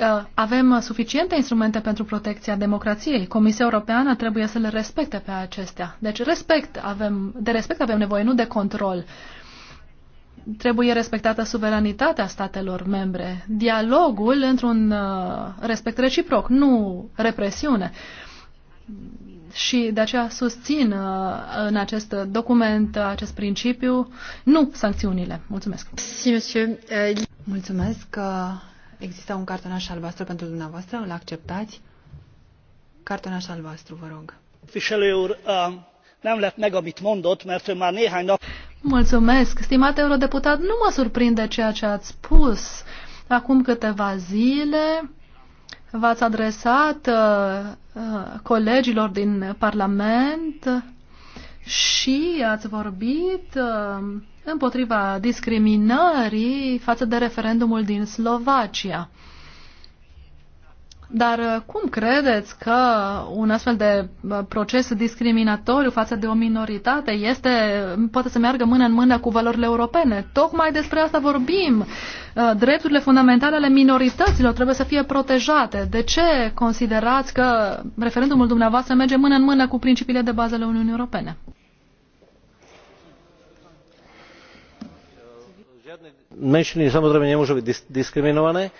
Uh, avem suficiente instrumente pentru protecția democrației. Comisia Europeană trebuie să le respecte pe acestea. Deci respect avem, de respect avem nevoie, nu de control. Trebuie respectată suveranitatea statelor membre, dialogul într-un uh, respect reciproc, nu represiune. Și de aceea susțin uh, în acest document, acest principiu, nu sancțiunile. Mulțumesc. Mulțumesc. Există un cartonaș albastru pentru dumneavoastră, îl acceptați? Cartonaș albastru, vă rog. Viselő úr, nem lett meg, amit mondott, mert ő már néhány nap... Mulțumesc, stimat eurodeputat, nu mă surprinde ceea ce ați spus. Acum câteva zile v-ați adresat uh, uh, colegilor din Parlament și ați vorbit uh, împotriva discriminării față de referendumul din Slovacia. Dar uh, cum credeți că un astfel de uh, proces discriminatoriu față de o minoritate este, poate să meargă mână în mână cu valorile europene? Tocmai despre asta vorbim. Uh, drepturile fundamentale ale minorităților trebuie să fie protejate. De ce considerați că referendumul dumneavoastră merge mână în mână cu principiile de bază ale Uniunii Europene? Menšiny samozrejme nemôžu byť diskriminované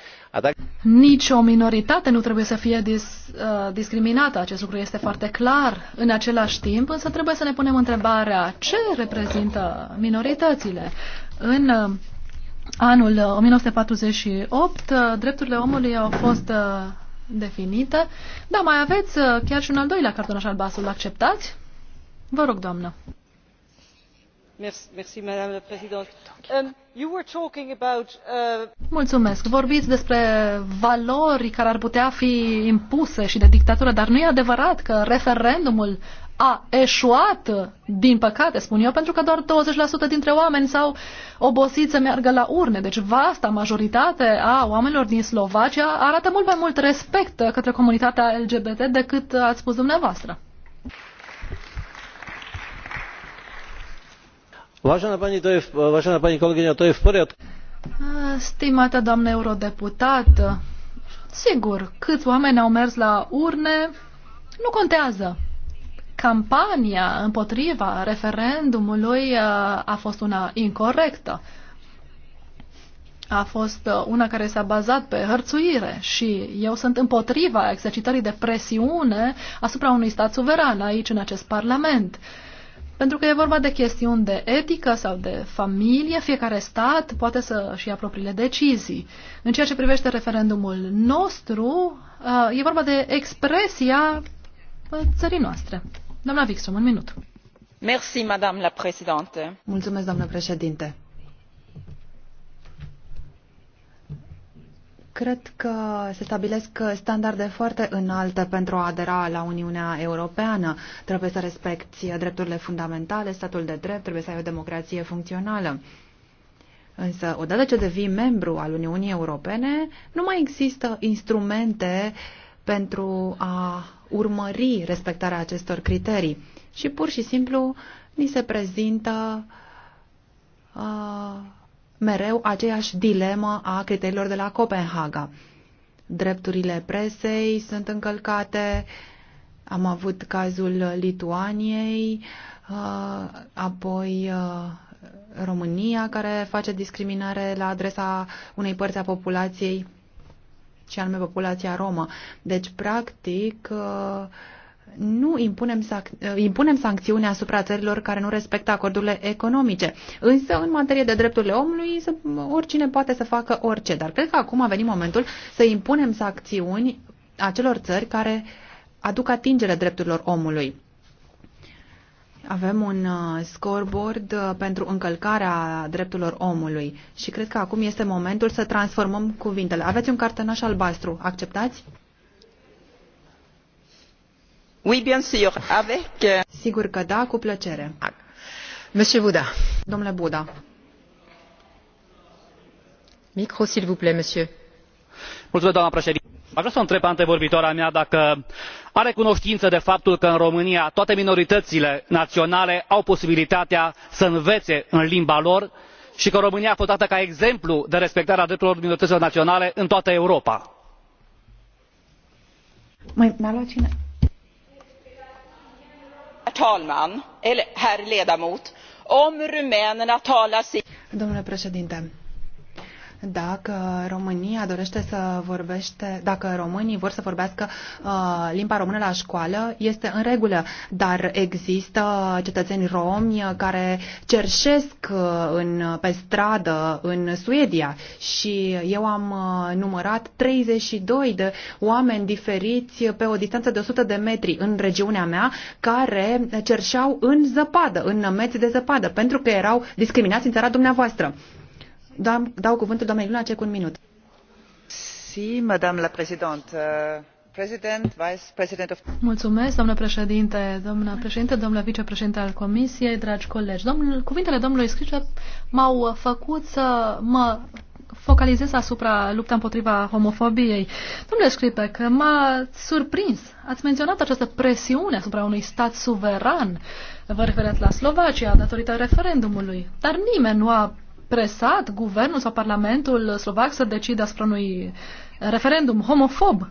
nici o minoritate nu trebuie să fie dis, uh, discriminată, acest lucru este foarte clar. În același timp, însă trebuie să ne punem întrebarea ce reprezintă minoritățile. În uh, anul 1948, uh, drepturile omului au fost uh, definite. Da, mai aveți uh, chiar și un al doilea cartonaș albastru. L acceptați? Vă rog, doamnă. Um, uh, Mulțumesc. Vorbiți despre valori care ar putea fi impuse și de dictatură, dar nu e adevărat că referendumul a eșuat, din păcate, spun eu, pentru că doar 20% dintre oameni s-au obosit să meargă la urne. Deci vasta majoritate a oamenilor din Slovacia arată mult mai mult respect către comunitatea LGBT decât ați spus dumneavoastră. Vážená pani, kolegyňa, to je v poriadku. Stimată doamnă eurodeputat, sigur, câți oameni au mers la urne, nu contează. Campania împotriva referendumului a fost una incorrectă. A fost una care s-a bazat pe hărțuire și eu sunt împotriva exercitării de presiune asupra unui stat suveran aici în acest parlament. Uh, pentru că e vorba de chestiuni de etică sau de familie, fiecare stat poate să-și ia propriile decizii. În ceea ce privește referendumul nostru, uh, e vorba de expresia uh, țării noastre. Doamna Vixum, un minut. Madame la Mulțumesc, doamnă președinte Cred că se stabilesc standarde foarte înalte pentru a adera la Uniunea Europeană. Trebuie să respecti drepturile fundamentale, statul de drept, trebuie să ai o democrație funcțională. Însă, odată ce devii membru al Uniunii Europene, nu mai există instrumente pentru a urmări respectarea acestor criterii. Și pur și simplu ni se prezintă uh, mereu aceeași dilemă a criteriilor de la Copenhaga. Drepturile presei sunt încălcate, am avut cazul Lituaniei, uh, apoi uh, România care face discriminare la adresa unei părți a populației, și anume populația romă. Deci, practic, uh, nu impunem, sac- eh, impunem sancțiuni asupra țărilor care nu respectă acordurile economice. Însă, în materie de drepturile omului, oricine poate să facă orice. Dar cred că acum a venit momentul să impunem sancțiuni acelor țări care aduc atingere drepturilor omului. Avem un eh, scoreboard eh, pentru încălcarea drepturilor omului și cred că acum este momentul să transformăm cuvintele. Aveți un cartonaș albastru. Acceptați? Oui, bien sûr, avec... Euh, Sigur că da, cu plăcere. Monsieur Buda. Domnule Buda. Micro, s'il vous plaît, monsieur. Mulțumesc, doamna președinte. Aș vrea să o întreb pe antevorbitoarea mea dacă are cunoștință de faptul că în România toate minoritățile naționale au posibilitatea să învețe în limba lor și că românia a fost dată ca exemplu de respectare a drepturilor minorităților naționale în toată europa. Mai, herr ledamot om rumänerna talar sitt. domnule președinte dacă România dorește să vorbește, dacă românii vor să vorbească uh, limba română la școală, este în regulă, dar există cetățeni romi care cerșesc uh, în, pe stradă în Suedia și eu am uh, numărat 32 de oameni diferiți pe o distanță de 100 de metri în regiunea mea care cerșeau în zăpadă, în nămeți de zăpadă, pentru că erau discriminați în țara dumneavoastră. Dau, cuvântul doamnei Lunacek un minut. Euh, Mulțumesc, doamnă președinte, doamnă președinte, domnule vicepreședinte al Comisiei, dragi colegi. Domnul, cuvintele domnului Scricep m-au făcut să mă focalizez asupra lupta împotriva homofobiei. Domnule că m-a surprins. Ați menționat această presiune asupra unui stat suveran. Vă referiți la Slovacia, datorită referendumului. Dar nimeni nu a presat guvernul sau parlamentul slovac să decide asupra unui referendum homofob.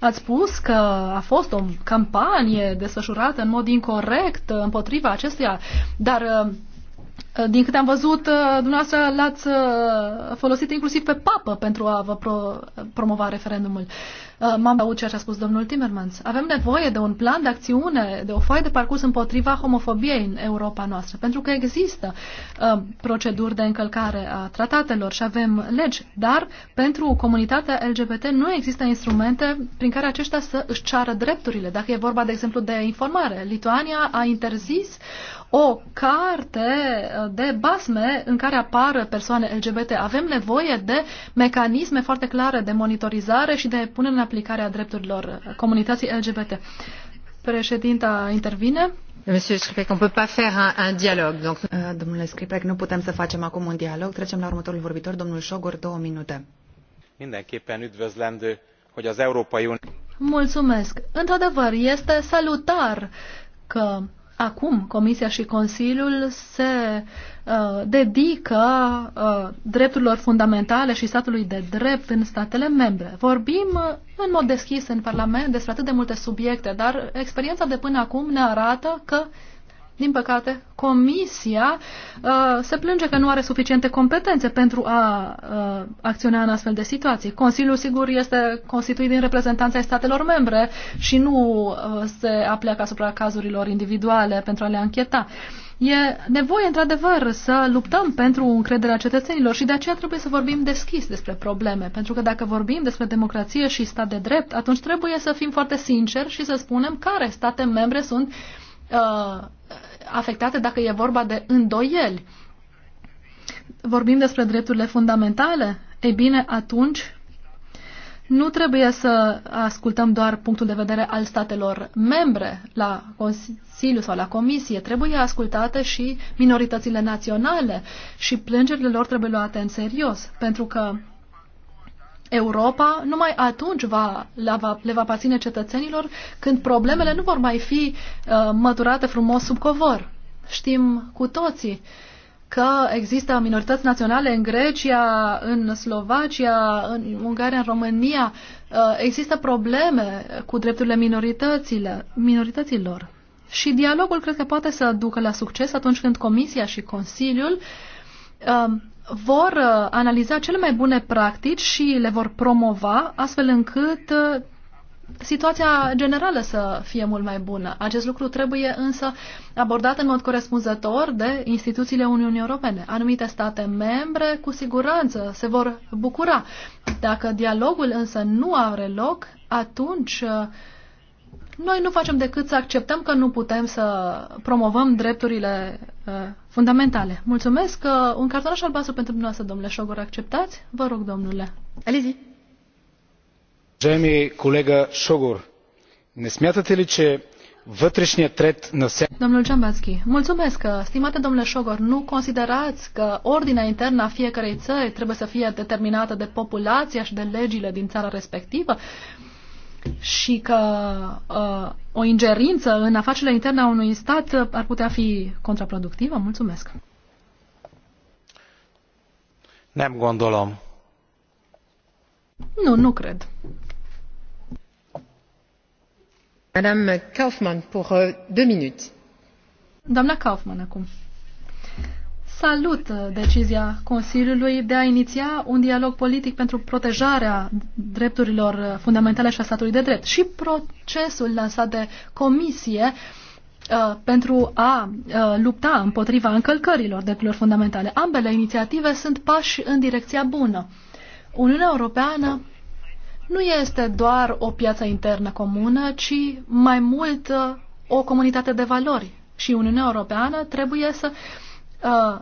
Ați spus că a fost o campanie desfășurată în mod incorrect împotriva acestuia, dar uh, din câte am văzut, uh, dumneavoastră l-ați uh, folosit inclusiv pe papă pentru a vă pro- promova referendumul. Uh, m-am auzit ce a spus domnul Timmermans. Avem nevoie de un plan de acțiune, de o foaie de parcurs împotriva homofobiei în Europa noastră, pentru că există uh, proceduri de încălcare a tratatelor și avem legi, dar pentru comunitatea LGBT nu există instrumente prin care aceștia să își ceară drepturile. Dacă e vorba, de exemplu, de informare, Lituania a interzis o carte uh, de basme în care apar persoane LGBT. Avem nevoie de mecanisme foarte clare de monitorizare și de punere în aplicare a drepturilor uh, comunității LGBT. Președinta intervine. Monsieur Scripec, on peut pas faire un, un dialogue. Donc... Uh, domnule Scripec, nu putem să facem acum un dialog. Trecem la următorul vorbitor, domnul Șogor, două minute. Mindenképpen üdvözlendő, hogy az Európai Unió... Mulțumesc. Într-adevăr, este salutar că acum Comisia și Consiliul se uh, dedică uh, drepturilor fundamentale și statului de drept în statele membre. Vorbim uh, în mod deschis în Parlament despre atât de multe subiecte, dar experiența de până acum ne arată că uh, din păcate, Comisia uh, se plânge că nu are suficiente competențe pentru a uh, acționa în astfel de situații. Consiliul, sigur, este constituit din reprezentanța statelor membre și nu uh, se apleacă asupra cazurilor individuale pentru a le ancheta. E nevoie, într-adevăr, să luptăm pentru încrederea cetățenilor și de aceea trebuie să vorbim deschis despre probleme. Pentru că dacă vorbim despre democrație și stat de drept, atunci trebuie să fim foarte sinceri și să spunem care state membre sunt uh, uh, afectate dacă e vorba de îndoieli. Vorbim despre drepturile fundamentale? Ei bine, atunci nu trebuie să ascultăm doar punctul de vedere al statelor membre la Consiliu sau la Comisie. Trebuie ascultate și minoritățile naționale și plângerile lor trebuie luate în serios, pentru că Europa numai atunci va, le, va, le va pasine cetățenilor când problemele nu vor mai fi uh, măturate frumos sub covor. Știm cu toții că există minorități naționale în Grecia, în Slovacia, în Ungaria, în România. Uh, există probleme cu drepturile minorităților. Și dialogul cred că poate să ducă la succes atunci când Comisia și Consiliul uh, vor uh, analiza cele mai bune practici și le vor promova astfel încât uh, situația generală să fie mult mai bună. Acest lucru trebuie însă abordat în mod corespunzător de instituțiile Uniunii Europene. Anumite state membre cu siguranță se vor bucura. Dacă dialogul însă nu are loc, atunci uh, noi nu facem decât să acceptăm că nu putem să promovăm drepturile uh, fundamentale. Mulțumesc. că uh, un cartonaș albastru pentru dumneavoastră, domnule Șogor, acceptați? Vă rog, domnule. Alizi. Уважаеми колега Шогор, не смятате ли, че вътрешният ред на Domnul Джамбацки, mulțumesc. Uh, stimate domnule Șogor, nu considerați că ordinea internă a fiecarei țări trebuie să fie determinată de populația și de legile din țara respectivă? și că uh, o ingerință în afacerile interne a unui stat uh, ar putea fi contraproductivă? Mulțumesc. Nem gondolom. Nu, nu cred. Madame Kaufmann, pour euh, deux minutes. Doamna Kaufmann, acum salut uh, decizia Consiliului de a iniția un dialog politic pentru protejarea drepturilor uh, fundamentale și a statului de drept și procesul lansat de comisie uh, pentru a lupta împotriva încălcărilor drepturilor fundamentale. Ambele inițiative sunt pași în direcția bună. Uniunea Europeană nu este doar o piață internă comună, ci mai mult o comunitate de valori. Și Uniunea Europeană trebuie să uh,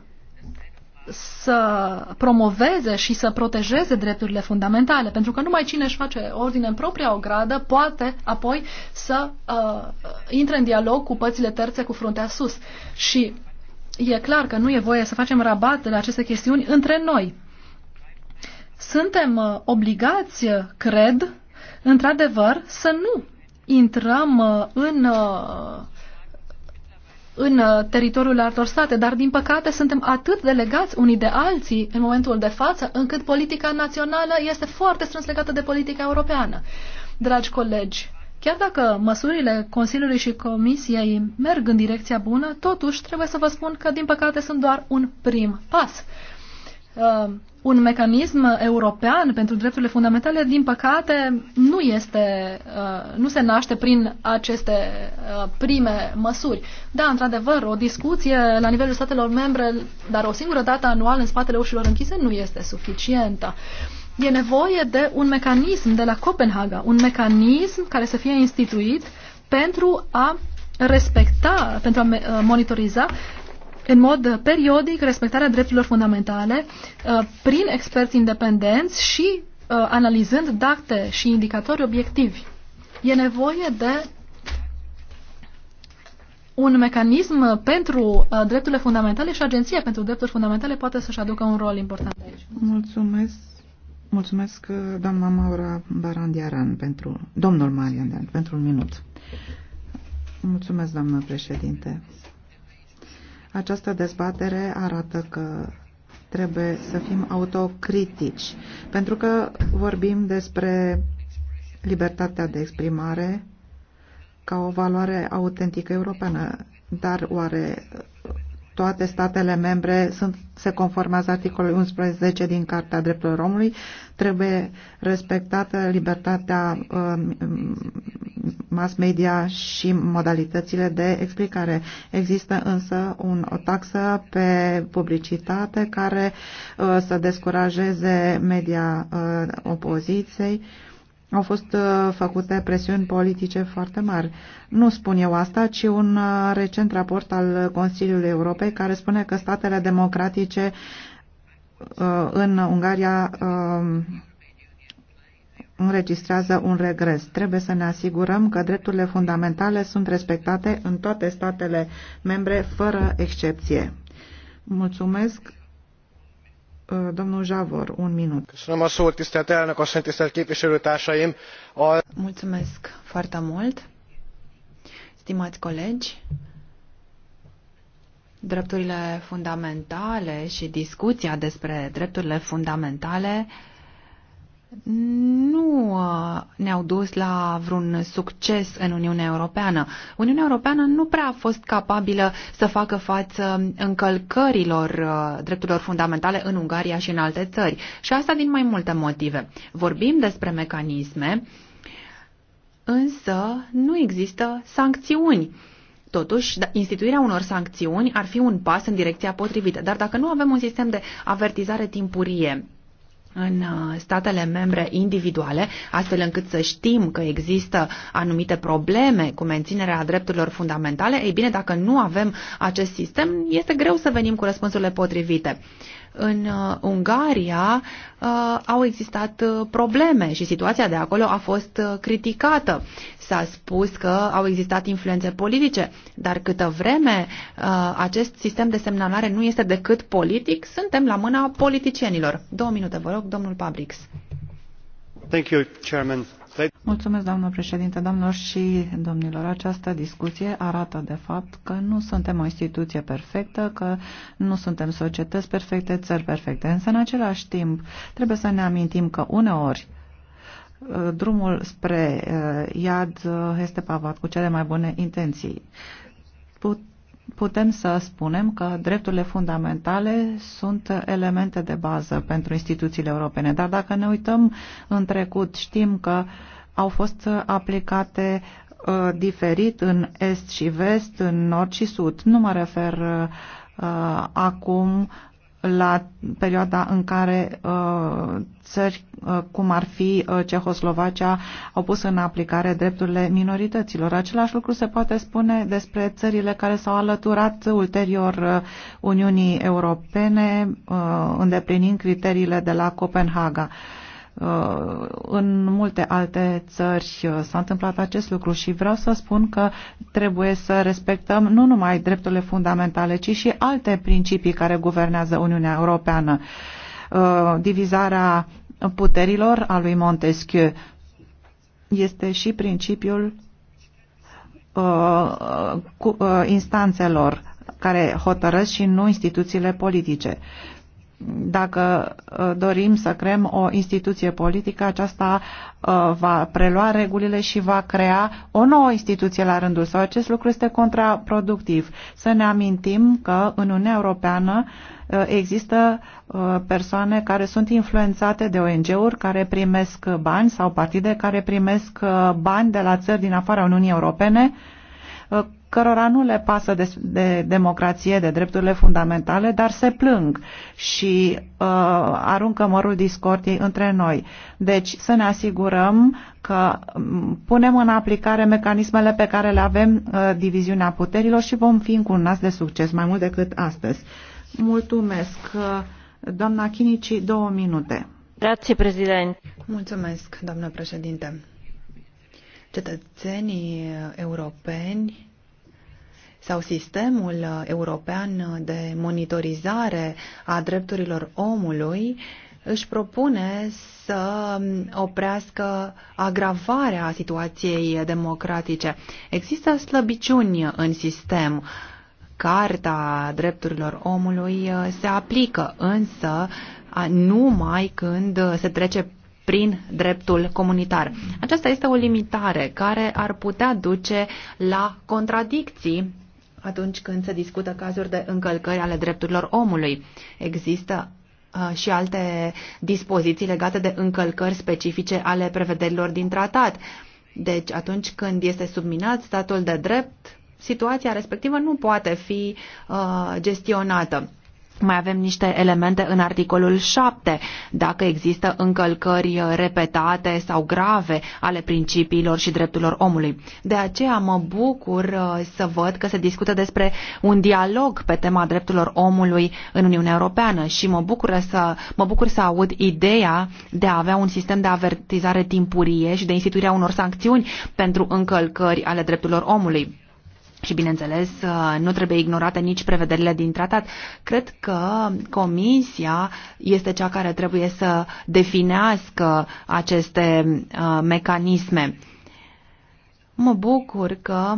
să promoveze și să protejeze drepturile fundamentale, pentru că numai cine își face ordine în propria ogradă poate apoi să uh, intre în dialog cu pățile terțe cu fruntea sus. Și e clar că nu e voie să facem rabat la aceste chestiuni între noi. Suntem uh, obligați, cred, într-adevăr, să nu intrăm uh, în uh, în uh, teritoriul altor state, dar din păcate suntem atât de legați unii de alții în momentul de față, încât politica națională este foarte strâns legată de politica europeană. Dragi colegi, chiar dacă măsurile Consiliului și Comisiei merg în direcția bună, totuși trebuie să vă spun că, din păcate, sunt doar un prim pas uh, un mecanism european pentru drepturile fundamentale, din păcate, nu, este, uh, nu se naște prin aceste uh, prime măsuri. Da, într-adevăr, o discuție la nivelul statelor membre, dar o singură dată anual în spatele ușilor închise, nu este suficientă. E nevoie de un mecanism de la Copenhaga, un mecanism care să fie instituit pentru a respecta, pentru a uh, monitoriza în mod periodic respectarea drepturilor fundamentale uh, prin experți independenți și uh, analizând date și indicatori obiectivi. E nevoie de un mecanism pentru uh, drepturile fundamentale și Agenția pentru Drepturi Fundamentale poate să-și aducă un rol important aici. Mulțumesc. Mulțumesc, doamna Maura Barandiaran, pentru, domnul Marian, pentru un minut. Mulțumesc, doamnă președinte. Această dezbatere arată că trebuie să fim autocritici, pentru că vorbim despre libertatea de exprimare ca o valoare autentică europeană, dar oare toate statele membre sunt, se conformează articolului 11 din Carta Drepturilor Omului, trebuie respectată libertatea uh, mass media și modalitățile de explicare. Există însă un, o taxă pe publicitate care uh, să descurajeze media uh, opoziției au fost uh, făcute presiuni politice foarte mari. Nu spun eu asta, ci un uh, recent raport al Consiliului Europei care spune că statele democratice uh, în Ungaria um, înregistrează un regres. Trebuie să ne asigurăm că drepturile fundamentale sunt respectate în toate statele membre, fără excepție. Mulțumesc domnul Javor, un minut. Mulțumesc foarte mult, stimați colegi. Drepturile fundamentale și discuția despre drepturile fundamentale nu uh, ne-au dus la vreun succes în Uniunea Europeană. Uniunea Europeană nu prea a fost capabilă să facă față încălcărilor uh, drepturilor fundamentale în Ungaria și în alte țări. Și asta din mai multe motive. Vorbim despre mecanisme, însă nu există sancțiuni. Totuși, da, instituirea unor sancțiuni ar fi un pas în direcția potrivită. Dar dacă nu avem un sistem de avertizare timpurie în uh, statele membre individuale, astfel încât să știm că există anumite probleme cu menținerea drepturilor fundamentale, ei bine, dacă nu avem acest sistem, este greu să venim cu răspunsurile potrivite. În uh, Ungaria uh, au existat uh, probleme și situația de acolo a fost criticată. S-a spus că au existat influențe politice, dar câtă vreme acest sistem de semnalare nu este decât politic, suntem la mâna politicienilor. Două minute, vă rog, domnul Pabrix. Thank you, Chairman. Mulțumesc, doamnă președinte, doamnelor și domnilor. Această discuție arată, de fapt, că nu suntem o instituție perfectă, că nu suntem societăți perfecte, țări perfecte. Însă, în același timp, trebuie să ne amintim că uneori uh, drumul spre uh, iad uh, este pavat cu cele mai bune intenții. Put putem să spunem că drepturile fundamentale sunt elemente de bază pentru instituțiile europene. Dar dacă ne uităm în trecut, știm că au fost aplicate uh, diferit în est și vest, în nord și sud. Nu mă refer uh, acum la perioada în care uh, țări uh, cum ar fi uh, Cehoslovacia au pus în aplicare drepturile minorităților. Același lucru se poate spune despre țările care s-au alăturat ulterior Uniunii Europene, îndeplinind criteriile de la Copenhaga. Uh, în multe alte țări uh, s-a întâmplat acest lucru și vreau să spun că trebuie să respectăm nu numai drepturile fundamentale, ci și alte principii care guvernează Uniunea Europeană. Uh, divizarea puterilor a lui Montesquieu este și principiul instanțelor care hotărăsc și nu instituțiile politice dacă uh, dorim să creăm o instituție politică, aceasta uh, va prelua regulile și va crea o nouă instituție la rândul său. Acest lucru este contraproductiv. Să ne amintim că în Uniunea Europeană uh, există persoane care sunt influențate de ONG-uri care primesc bani sau partide care primesc bani de la țări din afara Uniunii Europene cărora nu le pasă de, de democrație, de drepturile fundamentale, dar se plâng și uh, aruncă mărul discordiei între noi. Deci să ne asigurăm că punem în aplicare mecanismele pe care le avem, uh, diviziunea puterilor și vom fi încunați de succes mai mult decât astăzi. Mulțumesc. Uh, doamna Chinici, două minute. Grazie, prezident. Mulțumesc, doamnă președinte. Cetățenii europeni sau sistemul uh, european uh, de monitorizare a drepturilor omului își propune să um, oprească agravarea situației democratice. Există slăbiciuni în sistem. Carta drepturilor omului uh, se aplică însă numai când se trece prin dreptul comunitar. Aceasta este o limitare care ar putea duce la contradicții atunci când se discută cazuri de încălcări ale drepturilor omului. Există uh, și alte dispoziții legate de încălcări specifice ale prevederilor din tratat. Deci, atunci când este subminat statul de drept, situația respectivă nu poate fi uh, gestionată. Mai avem niște elemente în articolul 7, dacă există încălcări repetate sau grave ale principiilor și drepturilor omului. De aceea mă bucur uh, să văd că se discută despre un dialog pe tema drepturilor omului în Uniunea Europeană și mă bucur să, mă bucur să aud ideea de a avea un sistem de avertizare timpurie și de instituirea unor sancțiuni pentru încălcări ale drepturilor omului și, bineînțeles, uh, nu trebuie ignorate nici prevederile din tratat. Cred că Comisia este cea care trebuie să definească aceste uh, mecanisme. Mă bucur că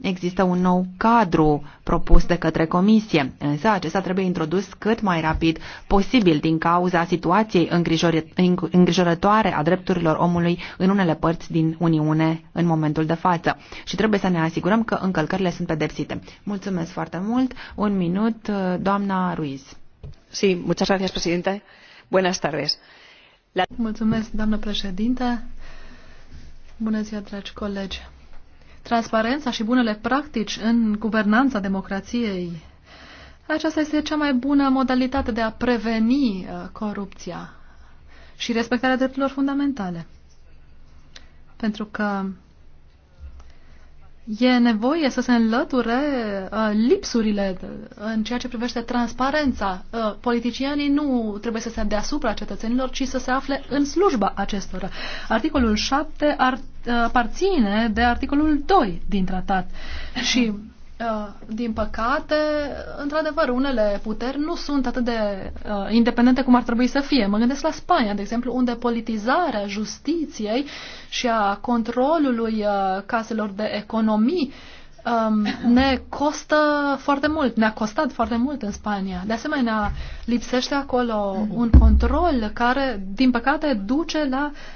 Există un nou cadru propus de către Comisie, însă acesta trebuie introdus cât mai rapid posibil din cauza situației îngrijorătoare a drepturilor omului în unele părți din Uniune în momentul de față și trebuie să ne asigurăm că încălcările sunt pedepsite. Mulțumesc foarte mult. Un minut, doamna Ruiz. Sí, muchas gracias, presidente. Buenas tardes. La... Mulțumesc, doamnă președinte. Bună ziua, dragi colegi transparența și bunele practici în guvernanța democrației. Aceasta este cea mai bună modalitate de a preveni uh, corupția și respectarea drepturilor fundamentale. Pentru că E nevoie să se înlăture uh, lipsurile în ceea ce privește transparența. Uh, politicienii nu trebuie să se deasupra cetățenilor, ci să se afle în slujba acestora. Articolul 7 ar, uh, parține de articolul 2 din tratat și Uh, din păcate, într-adevăr, unele puteri nu sunt atât de uh, independente cum ar trebui să fie. Mă gândesc la Spania, de exemplu, unde politizarea justiției și a controlului uh, caselor de economii um, ne costă foarte mult, ne-a costat foarte mult în Spania. De asemenea, lipsește acolo un control care, din păcate, duce la uh,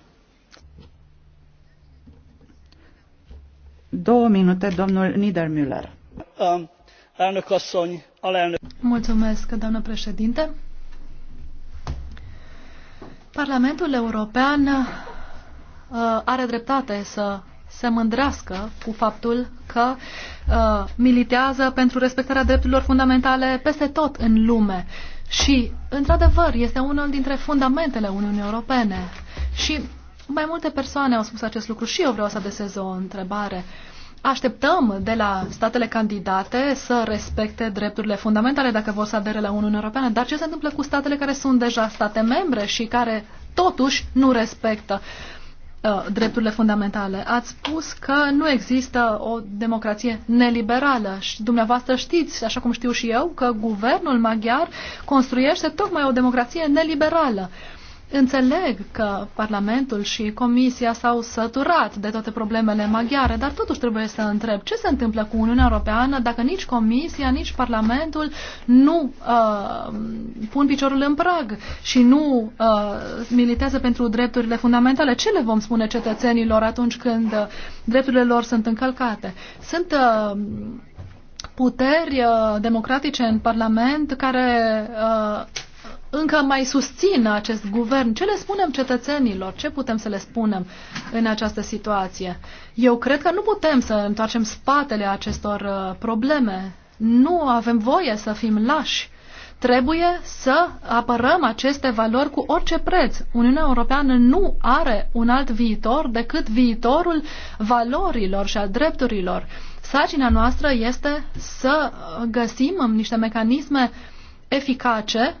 Două minute, domnul Niedermüller. Um, Mulțumesc, doamnă președinte. Parlamentul European uh, are dreptate să se mândrească cu faptul că uh, militează pentru respectarea drepturilor fundamentale peste tot în lume. Și, într-adevăr, este unul dintre fundamentele Uniunii Europene. Și mai multe persoane au spus acest lucru și eu vreau să adesez o întrebare. Așteptăm de la statele candidate să respecte drepturile fundamentale dacă vor să adere la Uniunea Europeană, dar ce se întâmplă cu statele care sunt deja state membre și care totuși nu respectă uh, drepturile fundamentale? Ați spus că nu există o democrație neliberală și dumneavoastră știți, așa cum știu și eu, că guvernul maghiar construiește tocmai o democrație neliberală. Uh, Înțeleg că Parlamentul și Comisia s-au săturat de toate problemele maghiare, dar totuși trebuie să întreb ce se întâmplă cu Uniunea Europeană dacă nici Comisia, nici Parlamentul nu uh, pun piciorul în prag și nu uh, militează pentru drepturile fundamentale. Ce le vom spune cetățenilor atunci când uh, drepturile lor sunt încălcate? Sunt uh, puteri uh, democratice în Parlament care uh, încă mai susțin acest guvern. Ce le spunem cetățenilor? Ce putem să le spunem în această situație? Eu cred că nu putem să întoarcem spatele acestor uh, probleme. Nu avem voie să fim lași. Trebuie să apărăm aceste valori cu orice preț. Uniunea Europeană nu are un alt viitor decât viitorul valorilor și a drepturilor. Sarcina noastră este să găsim niște mecanisme eficace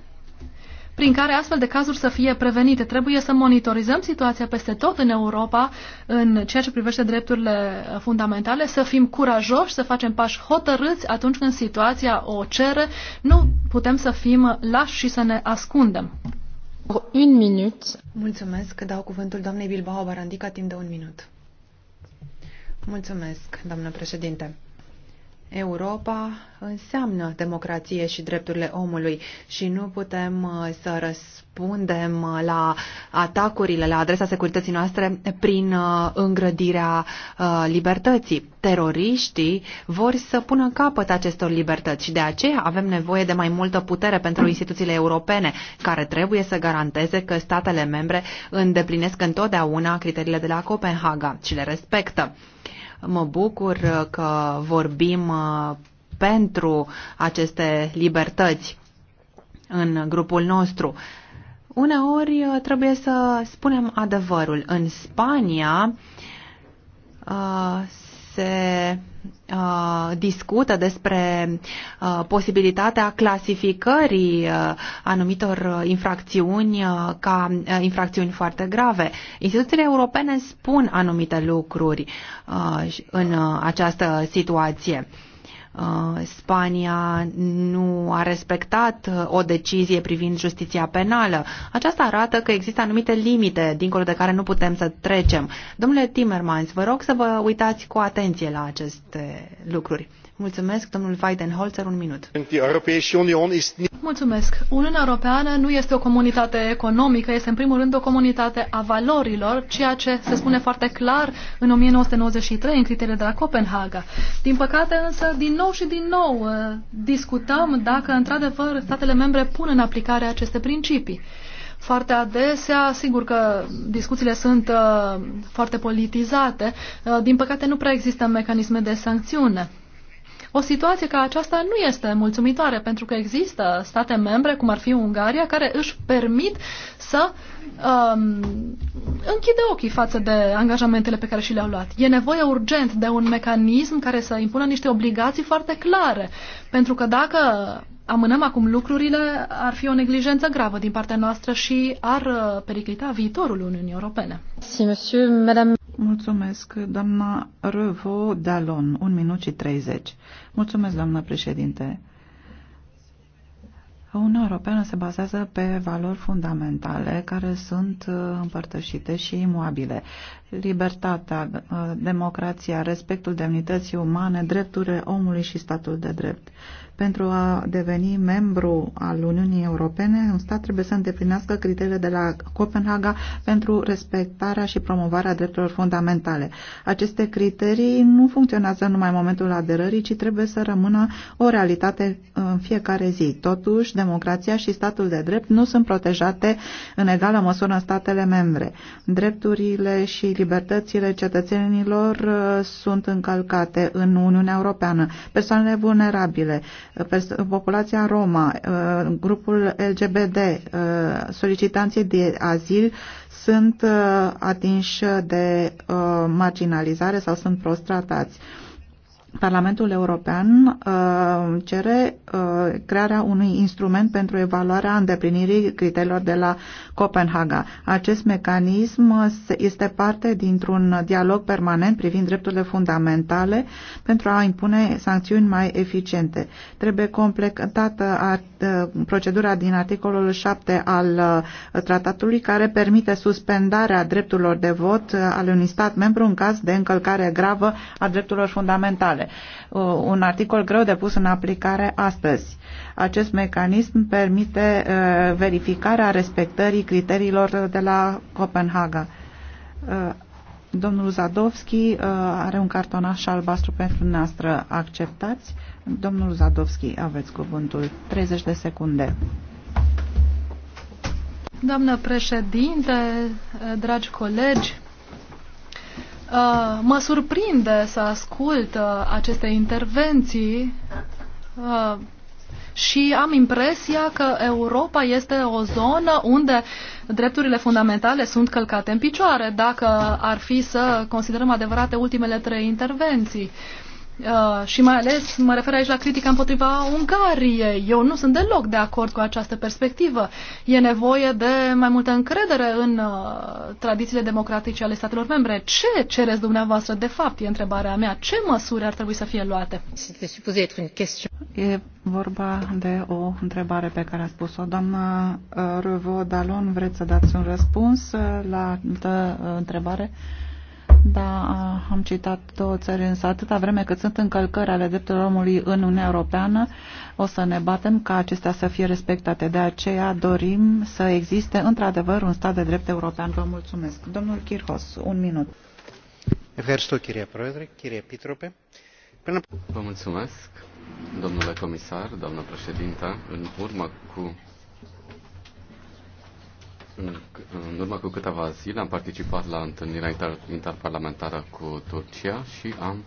prin care astfel de cazuri să fie prevenite. Trebuie să monitorizăm situația peste tot în Europa în ceea ce privește drepturile fundamentale, să fim curajoși, să facem pași hotărâți atunci când situația o cere. Nu putem să fim lași și să ne ascundem. Un minut. Mulțumesc. Dau cuvântul doamnei Bilbao Barandica timp de un minut. Mulțumesc, doamnă președinte. Europa înseamnă democrație și drepturile omului și nu putem uh, să răspundem uh, la atacurile la adresa securității noastre prin uh, îngrădirea libertății. Teroriștii vor să pună capăt acestor libertăți și de aceea avem nevoie de mai multă putere pentru instituțiile europene, care trebuie să garanteze că statele membre îndeplinesc întotdeauna criteriile de la Copenhaga și le respectă. Mă bucur că vorbim uh, pentru aceste libertăți în grupul nostru. Uneori uh, trebuie să spunem adevărul. În Spania uh, se uh, discută despre uh, posibilitatea clasificării uh, anumitor infracțiuni uh, ca uh, infracțiuni foarte grave. Instituțiile europene spun anumite lucruri uh, în uh, această situație. Uh, Uh, Spania nu a respectat uh, o decizie privind justiția penală. Aceasta arată că există anumite limite dincolo de care nu putem să trecem. Domnule Timmermans, vă rog să vă uitați cu atenție la aceste lucruri. Mulțumesc, domnul Weidenholzer, un minut. Mulțumesc. Uniunea Europeană nu este o comunitate economică, este în primul rând o comunitate a valorilor, ceea ce se spune foarte clar în 1993 în criteriile de la Copenhaga. Din păcate însă, din nou și din nou uh, discutăm dacă într-adevăr statele membre pun în aplicare aceste principii foarte adesea. Sigur că discuțiile sunt uh, foarte politizate. Uh, din păcate nu prea există mecanisme de sancțiune. O situație ca aceasta nu este mulțumitoare pentru că există state membre, cum ar fi Ungaria, care își permit să um, închide ochii față de angajamentele pe care și le-au luat. E nevoie urgent de un mecanism care să impună niște obligații foarte clare, pentru că dacă amânăm acum lucrurile ar fi o neglijență gravă din partea noastră și ar uh, periclita viitorul Uniunii Europene. Mulțumesc, doamna Revo Dalon, un minut și 30. Mulțumesc, doamna președinte. Uniunea Europeană se bazează pe valori fundamentale care sunt uh, împărtășite și imobile: Libertatea, uh, democrația, respectul demnității umane, drepturile omului și statul de drept. Pentru a deveni membru al Uniunii Europene, un stat trebuie să îndeplinească criteriile de la Copenhaga pentru respectarea și promovarea drepturilor fundamentale. Aceste criterii nu funcționează numai în momentul aderării, ci trebuie să rămână o realitate în fiecare zi. Totuși, democrația și statul de drept nu sunt protejate în egală măsură în statele membre. Drepturile și libertățile cetățenilor uh, sunt încălcate în Uniunea Europeană. Persoanele vulnerabile, populația Roma, uh, grupul LGBT, uh, solicitanții de azil sunt uh, atinși de marginalizare sau sunt prostratați. Parlamentul European uh, cere uh, crearea unui instrument pentru evaluarea îndeplinirii criteriilor de la Copenhaga. Acest mecanism este parte dintr-un dialog permanent privind drepturile fundamentale pentru a impune sancțiuni mai eficiente. Trebuie completată uh, procedura din articolul 7 al uh, tratatului care permite suspendarea drepturilor de vot uh, ale unui stat membru în caz de încălcare gravă a drepturilor fundamentale naționale. Uh, un articol greu de pus în aplicare astăzi. Acest mecanism permite uh, verificarea respectării criteriilor de la Copenhaga. Uh, domnul Zadovski are un cartonaș albastru pentru noastră. Acceptați? Domnul Zadovski, aveți cuvântul. 30 de secunde. Doamnă președinte, dragi colegi, Uh, mă surprinde să ascult uh, aceste intervenții uh, și am impresia că Europa este o zonă unde drepturile fundamentale sunt călcate în picioare, dacă ar fi să considerăm adevărate ultimele trei intervenții. Uh, uh, și mai ales mă refer aici la critica împotriva Ungariei. Eu nu sunt deloc de acord cu această perspectivă. E nevoie de mai multă încredere în uh, tradițiile democratice ale statelor membre. Ce cereți dumneavoastră de fapt, e întrebarea mea. Ce măsuri ar trebui să fie luate? E vorba de o întrebare pe care a spus-o. Doamna uh, Răvo Dalon, vreți să dați un răspuns la uh, întrebare? Da, am citat două țări, însă atâta vreme cât sunt încălcări ale drepturilor omului în Uniunea Europeană, o să ne batem ca acestea să fie respectate. De aceea dorim să existe într-adevăr un stat de drept european. Vă mulțumesc. Domnul Kirhos, un minut. Vă mulțumesc, domnule comisar, doamnă Președinte, În urmă cu în urmă cu câteva zile am participat la întâlnirea inter- interparlamentară cu Turcia și am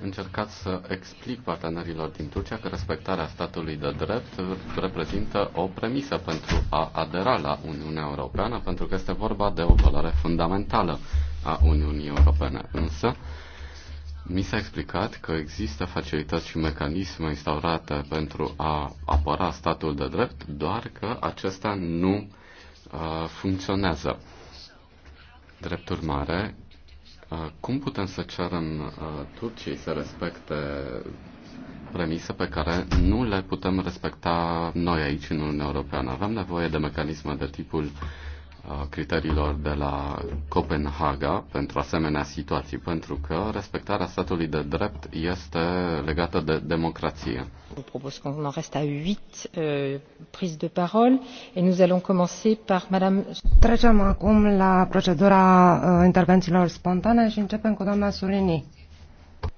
încercat să explic partenerilor din Turcia că respectarea statului de drept reprezintă o premisă pentru a adera la Uniunea Europeană, pentru că este vorba de o valoare fundamentală a Uniunii Europene. Însă, mi s-a explicat că există facilități și mecanisme instaurate pentru a apăra statul de drept, doar că acestea nu Uh, funcționează. Drept urmare, uh, cum putem să cerem uh, Turciei să respecte premise pe care nu le putem respecta noi aici în Uniunea Europeană? Avem nevoie de mecanisme de tipul criteriilor de la Copenhaga pentru asemenea situații, pentru că respectarea statului de drept este legată de democrație. Vă propus că en reste à 8 euh, de parole și nous allons commencer par madame Trecem acum la procedura uh, intervențiilor spontane și începem cu doamna Sulini.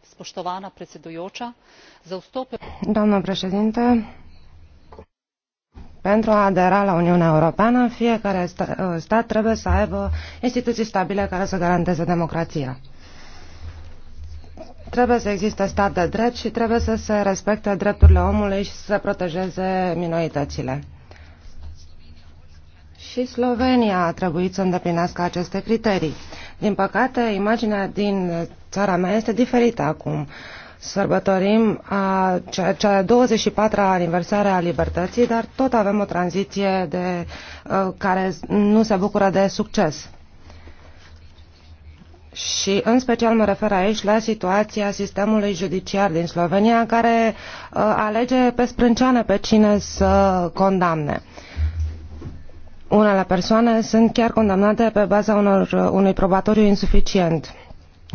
Spoștovana Doamna președinte, pentru a adera la Uniunea Europeană, fiecare ă, stat trebuie să aibă instituții stabile care să garanteze democrația trebuie să existe stat de drept și trebuie să se respecte drepturile omului și să se protejeze minoritățile. Și Slovenia a trebuit să îndeplinească aceste criterii. Din păcate, imaginea din țara mea este diferită acum sărbătorim a, cea, cea 24-a aniversare a libertății, dar tot avem o tranziție de, a, care nu se bucură de succes. Și în special mă refer aici la situația sistemului judiciar din Slovenia, care a, alege pe sprânceană pe cine să condamne. Unele persoane sunt chiar condamnate pe baza unor, unui probatoriu insuficient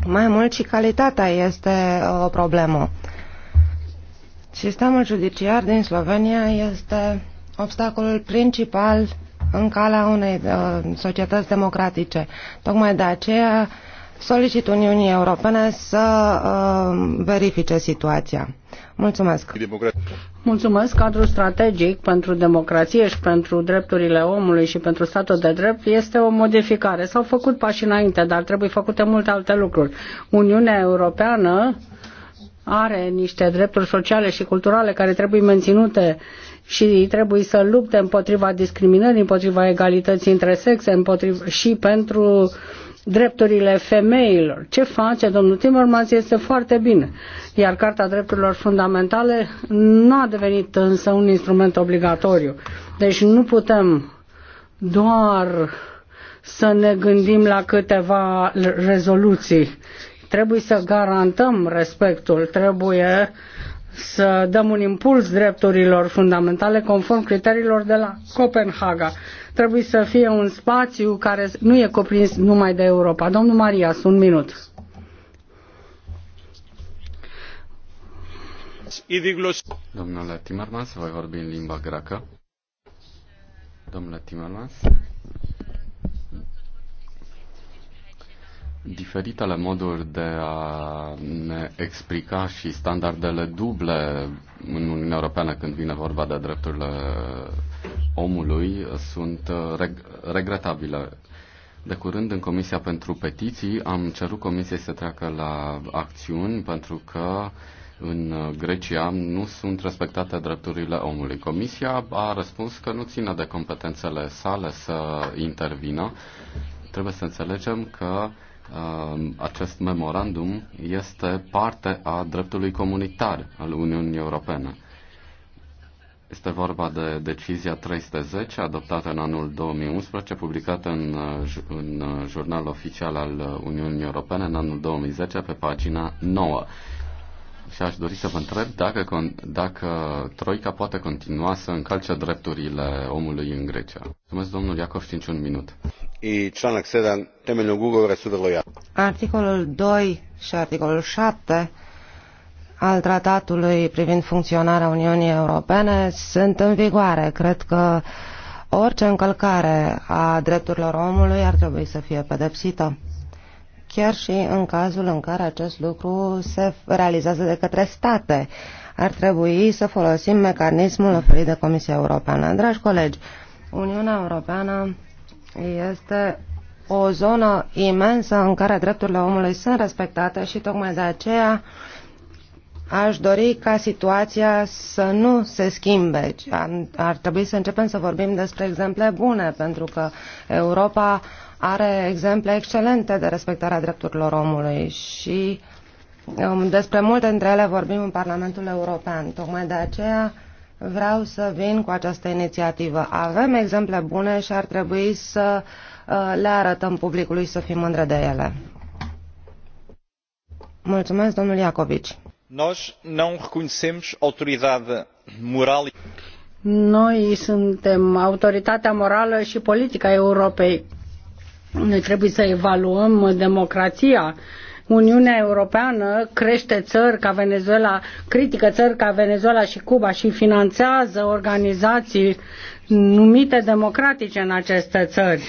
mai mult și calitatea este uh, o problemă. Sistemul judiciar din Slovenia este obstacolul principal în calea unei uh, societăți democratice. Tocmai de aceea solicit Uniunii Europene să uh, verifice situația. Mulțumesc. Mulțumesc. Cadrul strategic pentru democrație și pentru drepturile omului și pentru statul de drept este o modificare. S-au făcut pași înainte, dar trebuie făcute multe alte lucruri. Uniunea Europeană are niște drepturi sociale și culturale care trebuie menținute și trebuie să lupte împotriva discriminării, împotriva egalității între sexe împotriva, și pentru uh, drepturile femeilor. Ce face domnul Timmermans este foarte bine. Iar Carta Drepturilor Fundamentale nu a devenit însă un instrument obligatoriu. Deci nu putem doar să ne gândim la câteva rezoluții. Trebuie să garantăm respectul, trebuie să dăm un impuls drepturilor fundamentale conform criteriilor de la Copenhaga trebuie să fie un spațiu care nu e coprins numai de Europa. Domnul Marias, un minut. Domnule Timmermans, voi vorbi în limba greacă. Domnule Timmermans. Diferitele moduri de a ne explica și standardele duble în Uniunea Europeană când vine vorba de drepturile omului sunt uh, reg- regretabile. De curând, în Comisia pentru Petiții, am cerut Comisiei să treacă la acțiuni pentru că în Grecia nu sunt respectate drepturile omului. Comisia a răspuns că nu ține de competențele sale să intervină. Trebuie să înțelegem că uh, acest memorandum este parte a dreptului comunitar al Uniunii Europene. Este vorba de decizia 310, adoptată în anul 2011, publicată în, în jurnal oficial al Uniunii Europene în anul 2010, pe pagina 9. Și aș dori să vă întreb dacă, dacă Troica poate continua să încalce drepturile omului în Grecia. Mulțumesc, domnul Iacov, 5 un minut. Articolul 2 și articolul 7 al tratatului privind funcționarea Uniunii Europene sunt în vigoare. Cred că orice încălcare a drepturilor omului ar trebui să fie pedepsită chiar și în cazul în care acest lucru se realizează de către state. Ar trebui să folosim mecanismul oferit de Comisia Europeană. Dragi colegi, Uniunea Europeană este o zonă imensă în care drepturile omului sunt respectate și tocmai de aceea uh, Aș dori ca situația să nu se schimbe. Ar, ar trebui să începem să vorbim despre exemple bune, pentru că Europa are exemple excelente de respectarea drepturilor omului și um, despre multe dintre ele vorbim în Parlamentul European. Tocmai de aceea vreau să vin cu această inițiativă. Avem exemple bune și ar trebui să uh, le arătăm publicului și să fim mândre de ele. Mulțumesc, domnul Iacovici. Nós não reconhecemos autoridade moral. Noi suntem autoritatea morală și politică a Europei. Noi trebuie să evaluăm democrația. Uniunea Europeană crește țări ca Venezuela, critică țări ca Venezuela și Cuba și finanțează organizații numite democratice în aceste țări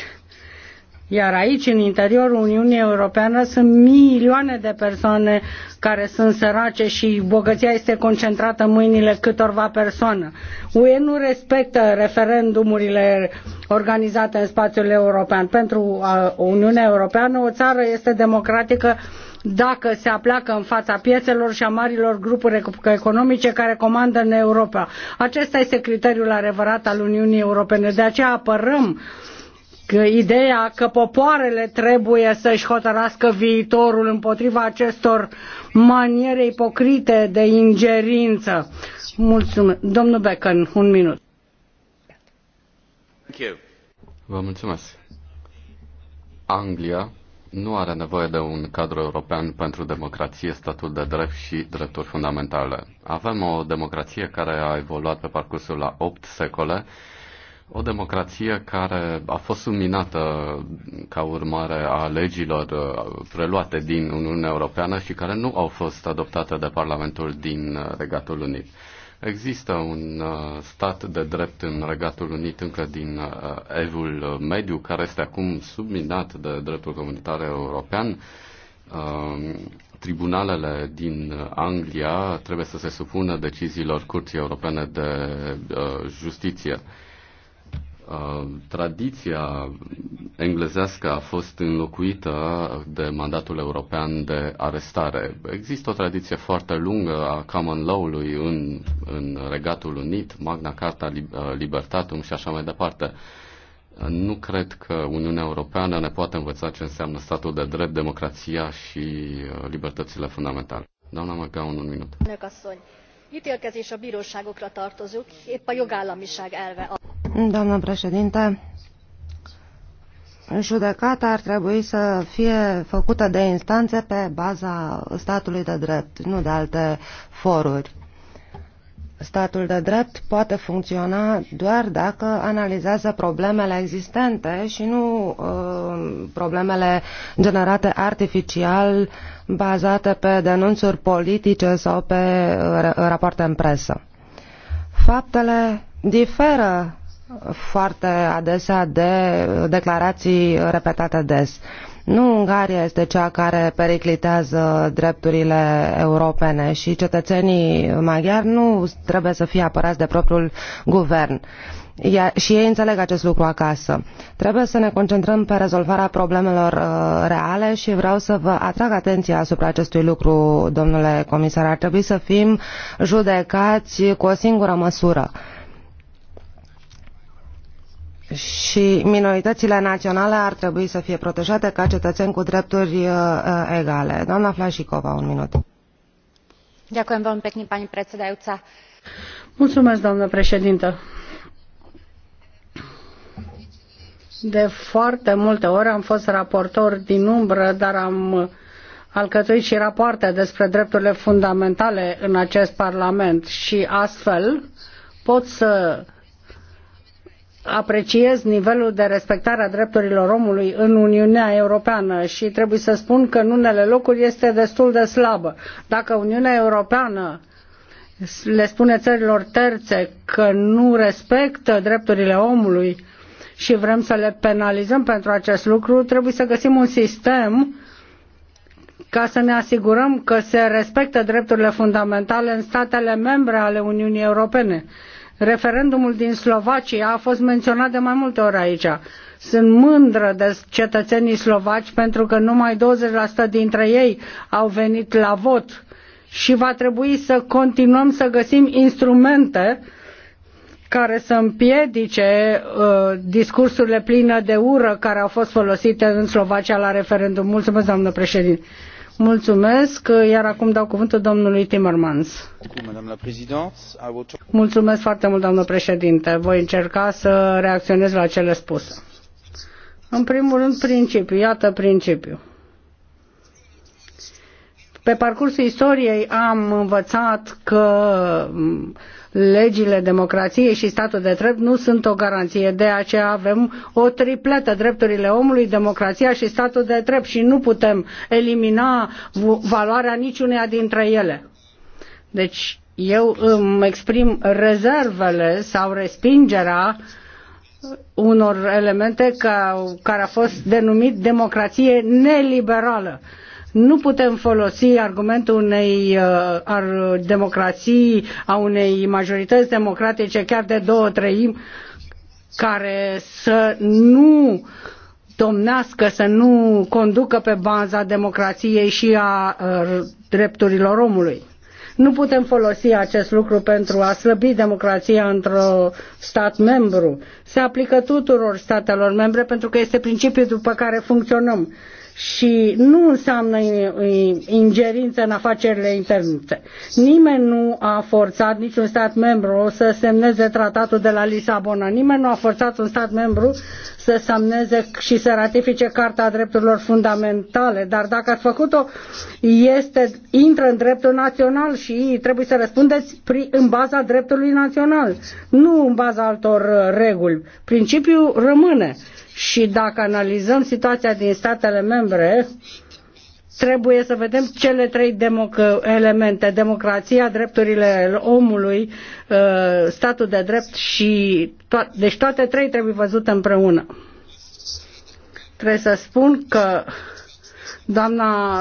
iar aici, în interiorul Uniunii Europeană, sunt milioane de persoane care sunt sărace și bogăția este concentrată în mâinile câtorva persoane. UE nu respectă referendumurile organizate în spațiul european. Pentru Uniunea Europeană, o țară este democratică dacă se apleacă în fața piețelor și a marilor grupuri economice care comandă în Europa. Acesta este criteriul adevărat al Uniunii Europene. De aceea apărăm uh, ideea că popoarele trebuie să-și hotărască viitorul împotriva acestor maniere ipocrite de ingerință. Mulțumesc. Domnul Becan, un minut. Vă mulțumesc. Anglia nu are nevoie de un cadru european pentru democrație, statul de drept și drepturi fundamentale. Avem o democrație care a evoluat pe parcursul la 8 secole o democrație care a fost subminată ca urmare a legilor uh, preluate din Uniunea Europeană și care nu au fost adoptate de Parlamentul din uh, Regatul Unit. Există un uh, stat de drept în Regatul Unit încă din evul mediu, care este acum subminat de dreptul comunitar european. Um, tribunalele din Anglia trebuie să se supună deciziilor Curții Europene de Justiție tradiția englezească a fost înlocuită de mandatul european de arestare. Există o tradiție foarte lungă a common law-ului în, în Regatul Unit, Magna Carta Libertatum și așa mai departe. Nu cred că Uniunea Europeană ne poate învăța ce înseamnă statul de drept, democrația și libertățile fundamentale. Doamna Magaun, un minut télkezés a bróságokra tartozik épp a jogállamiság elve Doamnă președinte, judecata ar trebui să fie făcută de instanțe pe baza statului de drept, nu de alte foruri. Statul de drept poate funcționa doar dacă analizează problemele existente și nu uh, problemele generate artificial uh, bazate pe denunțuri politice sau pe uh, rapoarte în presă. Faptele diferă foarte adesea de declarații repetate des. Nu Ungaria este cea care periclitează drepturile europene și cetățenii maghiari nu trebuie să fie apărați de propriul guvern. Uh, și ei înțeleg acest lucru acasă. Trebuie să ne concentrăm pe rezolvarea problemelor uh, reale și vreau să vă atrag atenția asupra acestui lucru, domnule comisar. Ar trebui să fim judecați cu o singură măsură și minoritățile naționale ar trebui să fie protejate ca cetățeni cu drepturi uh, uh, egale. Doamna Flașicova, un minut. Mulțumesc, doamnă președintă De foarte multe ori am fost raportor din umbră, dar am alcătuit și rapoarte despre drepturile fundamentale în acest Parlament și astfel pot să apreciez nivelul de respectare a drepturilor omului în Uniunea Europeană și trebuie să spun că în unele locuri este destul de slabă. Dacă Uniunea Europeană le spune țărilor terțe că nu respectă drepturile omului, și vrem să le penalizăm pentru acest lucru, trebuie să găsim un sistem ca să ne asigurăm că se respectă drepturile fundamentale în statele membre ale Uniunii Europene. Referendumul din Slovacia a fost menționat de mai multe ori aici. Sunt mândră de cetățenii slovaci pentru că numai 20% dintre ei au venit la vot și va trebui să continuăm să găsim instrumente uh, care să împiedice uh, discursurile pline de ură care au fost folosite în Slovacia la referendum. Mulțumesc, doamnă președinte. Mulțumesc, iar acum dau cuvântul domnului Timmermans. Mulțumesc foarte mult, doamnă președinte. Voi încerca să reacționez la cele spuse. În primul rând, principiu. Iată principiu. Pe parcursul istoriei am învățat că legile democrației și statul de drept nu sunt o garanție. De aceea avem o tripletă, drepturile omului, democrația și statul de drept și nu putem elimina valoarea niciuneia dintre ele. Deci eu îmi exprim rezervele sau respingerea unor elemente ca, care a fost denumit democrație neliberală nu putem folosi argumentul unei uh, ar, democrații, a unei majorități democratice, chiar de două treimi, care să nu domnească, să nu conducă pe baza democrației și a uh, drepturilor omului. Nu putem folosi acest lucru pentru a slăbi democrația într-un stat membru. Se aplică tuturor statelor membre pentru că este principiul după care funcționăm și nu înseamnă ingerință în afacerile interne. Nimeni nu a forțat niciun stat membru să semneze tratatul de la Lisabona. Nimeni nu a forțat un stat membru să semneze și să ratifice Carta Drepturilor Fundamentale, dar dacă ați făcut-o, este, intră în dreptul național și trebuie să răspundeți pri, în baza dreptului național, nu în baza altor uh, reguli. Principiul rămâne și dacă analizăm situația din statele membre, trebuie să vedem cele trei democ- elemente, democrația, drepturile omului, uh, statul de drept și... To- deci toate trei trebuie văzute împreună. Trebuie să spun că doamna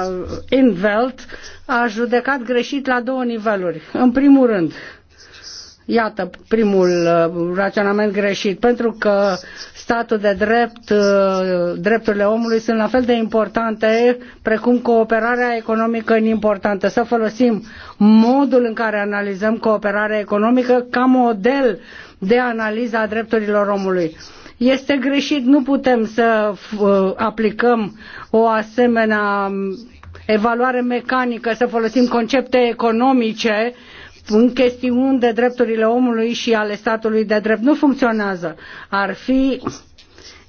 Invelt a judecat greșit la două niveluri. În primul rând, Iată primul uh, raționament greșit, pentru că statul de drept, uh, drepturile omului sunt la fel de importante precum cooperarea economică în importantă. Să folosim modul în care analizăm cooperarea economică ca model de analiză a drepturilor omului. Este greșit, nu putem să uh, aplicăm o asemenea evaluare mecanică, să folosim concepte economice uh, în chestiuni de drepturile omului și ale statului de drept nu funcționează. Ar fi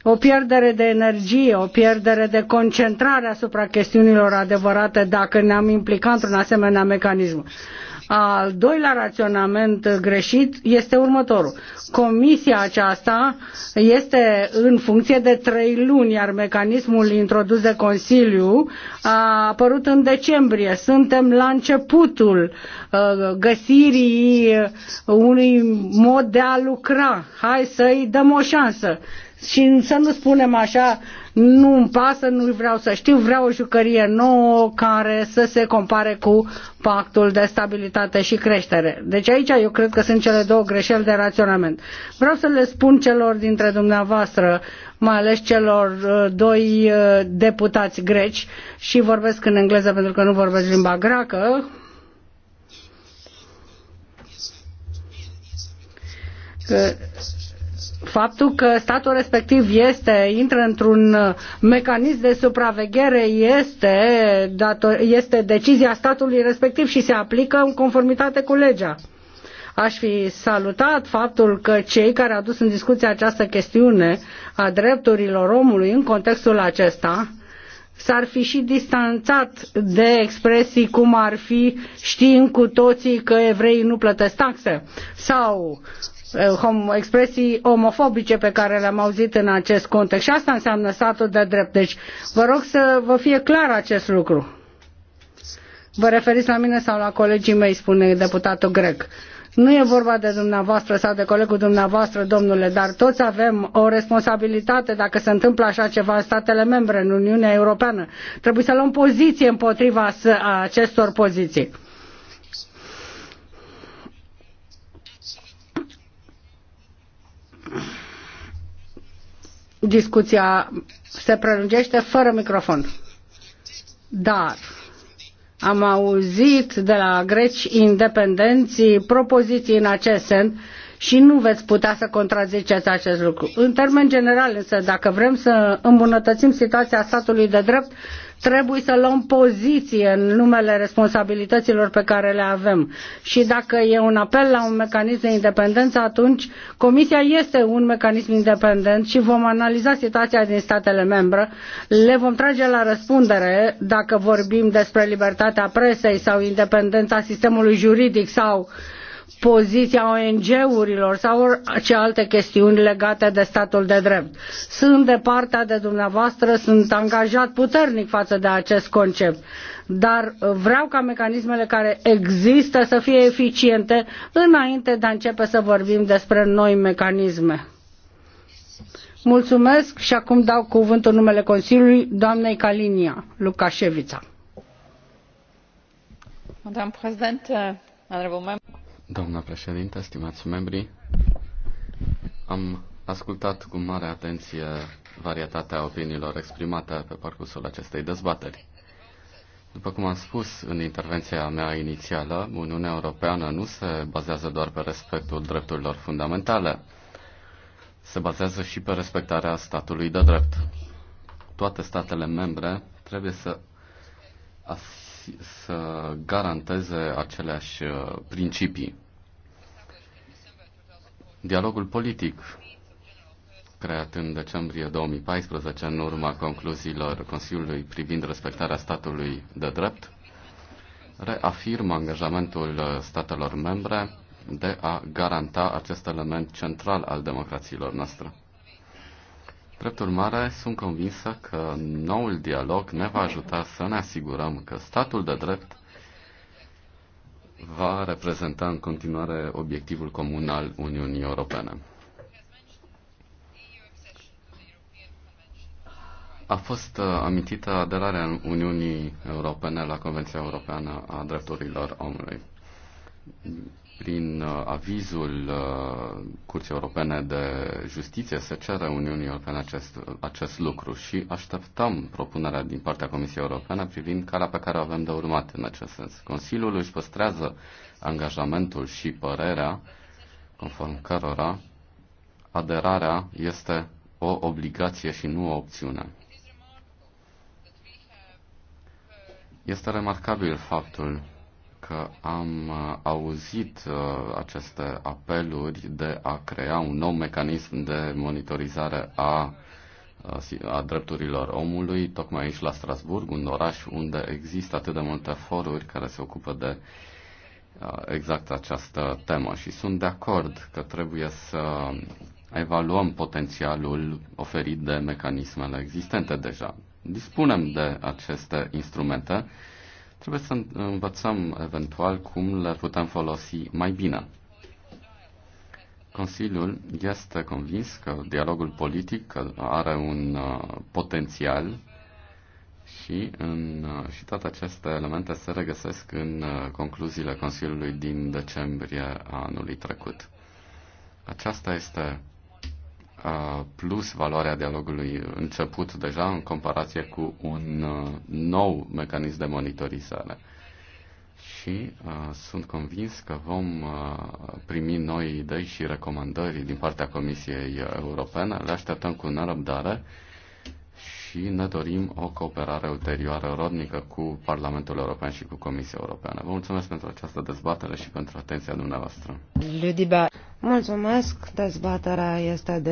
o pierdere de energie, o pierdere de concentrare asupra chestiunilor adevărate dacă ne-am implicat într-un asemenea mecanism. Al doilea raționament greșit este următorul. Comisia aceasta este în funcție de trei luni, iar mecanismul introdus de Consiliu a apărut în decembrie. Suntem la începutul uh, găsirii uh, unui mod de a lucra. Hai să-i dăm o șansă și să nu spunem așa nu îmi pasă, nu vreau să știu, vreau o jucărie nouă care să se compare cu pactul de stabilitate și creștere. Deci aici eu cred că sunt cele două greșeli de raționament. Vreau să le spun celor dintre dumneavoastră, mai ales celor uh, doi uh, deputați greci, și vorbesc în engleză pentru că nu vorbesc limba greacă, că uh, faptul că statul respectiv este, intră într-un uh, mecanism de supraveghere este, dator, este decizia statului respectiv și se aplică în conformitate cu legea. Aș fi salutat faptul că cei care au dus în discuție această chestiune a drepturilor omului în contextul acesta s-ar fi și distanțat de expresii cum ar fi știind cu toții că evreii nu plătesc taxe sau Eh, expresii omofobice pe care le-am auzit în acest context. Și asta înseamnă statul de drept. Deci vă rog să vă fie clar acest lucru. Vă referiți la mine sau la colegii mei, spune deputatul grec. Nu e vorba de dumneavoastră sau de colegul dumneavoastră, domnule, dar toți avem o responsabilitate dacă se întâmplă așa ceva în statele membre, în Uniunea Europeană. Trebuie să luăm poziție împotriva acestor poziții. discuția se prelungește fără microfon. Dar am auzit de la greci independenții propoziții în acest sens și nu veți putea să contraziceți acest lucru. În termen general, însă, dacă vrem să îmbunătățim situația statului de drept, trebuie să luăm poziție în numele responsabilităților pe care le avem. Și dacă e un apel la un mecanism de independență, atunci Comisia este un mecanism independent și vom analiza situația din statele membre, le vom trage la răspundere dacă vorbim despre libertatea presei sau independența sistemului juridic sau uh, poziția ONG-urilor sau orice alte chestiuni legate de statul de drept. Sunt de partea de dumneavoastră, sunt angajat puternic față de acest concept, dar vreau ca mecanismele care există să fie eficiente înainte de a începe să vorbim despre noi mecanisme. Mulțumesc și acum dau cuvântul numele Consiliului doamnei Calinia Lukașevița. Madame President, Doamna președintă, stimați membri, am ascultat cu mare atenție varietatea opiniilor exprimate pe parcursul acestei dezbateri. După cum am spus în intervenția mea inițială, Uniunea Europeană nu se bazează doar pe respectul drepturilor fundamentale, se bazează și pe respectarea statului de drept. Toate statele membre trebuie să, să garanteze aceleași uh, principii Dialogul politic creat în decembrie 2014 în urma concluziilor Consiliului privind respectarea statului de drept, reafirmă angajamentul statelor membre de a garanta acest element central al democrațiilor noastre. Drept urmare, sunt convinsă că noul dialog ne va ajuta să ne asigurăm că statul de drept va reprezenta în continuare obiectivul comun al Uniunii Europene. A fost uh, amintită aderarea Uniunii Europene la Convenția Europeană a Drepturilor Omului prin uh, avizul uh, Curții Europene de Justiție se cere Uniunii Europene acest, acest lucru și așteptăm propunerea din partea Comisiei Europene privind calea pe care o avem de urmat în acest sens. Consiliul își păstrează angajamentul și părerea conform cărora aderarea este o obligație și nu o opțiune. Este remarcabil faptul că am uh, auzit uh, aceste apeluri de a crea un nou mecanism de monitorizare a, uh, a drepturilor omului, tocmai aici la Strasburg, un oraș unde există atât de multe foruri care se ocupă de exact această temă și sunt de acord că trebuie să evaluăm potențialul oferit de mecanismele existente deja. Dispunem de aceste instrumente Trebuie să învățăm eventual cum le putem folosi mai bine. Consiliul este convins că dialogul politic are un uh, potențial și, în, uh, și toate aceste elemente se regăsesc în uh, concluziile Consiliului din decembrie anului trecut. Aceasta este plus valoarea dialogului început deja în comparație cu un nou mecanism de monitorizare. Și uh, sunt convins că vom uh, primi noi idei și recomandări din partea Comisiei Europene. Le așteptăm cu nerăbdare și ne dorim o cooperare ulterioară rodnică cu Parlamentul European și cu Comisia Europeană. Vă mulțumesc pentru această dezbatere și pentru atenția dumneavoastră. Mulțumesc. Dezbaterea este de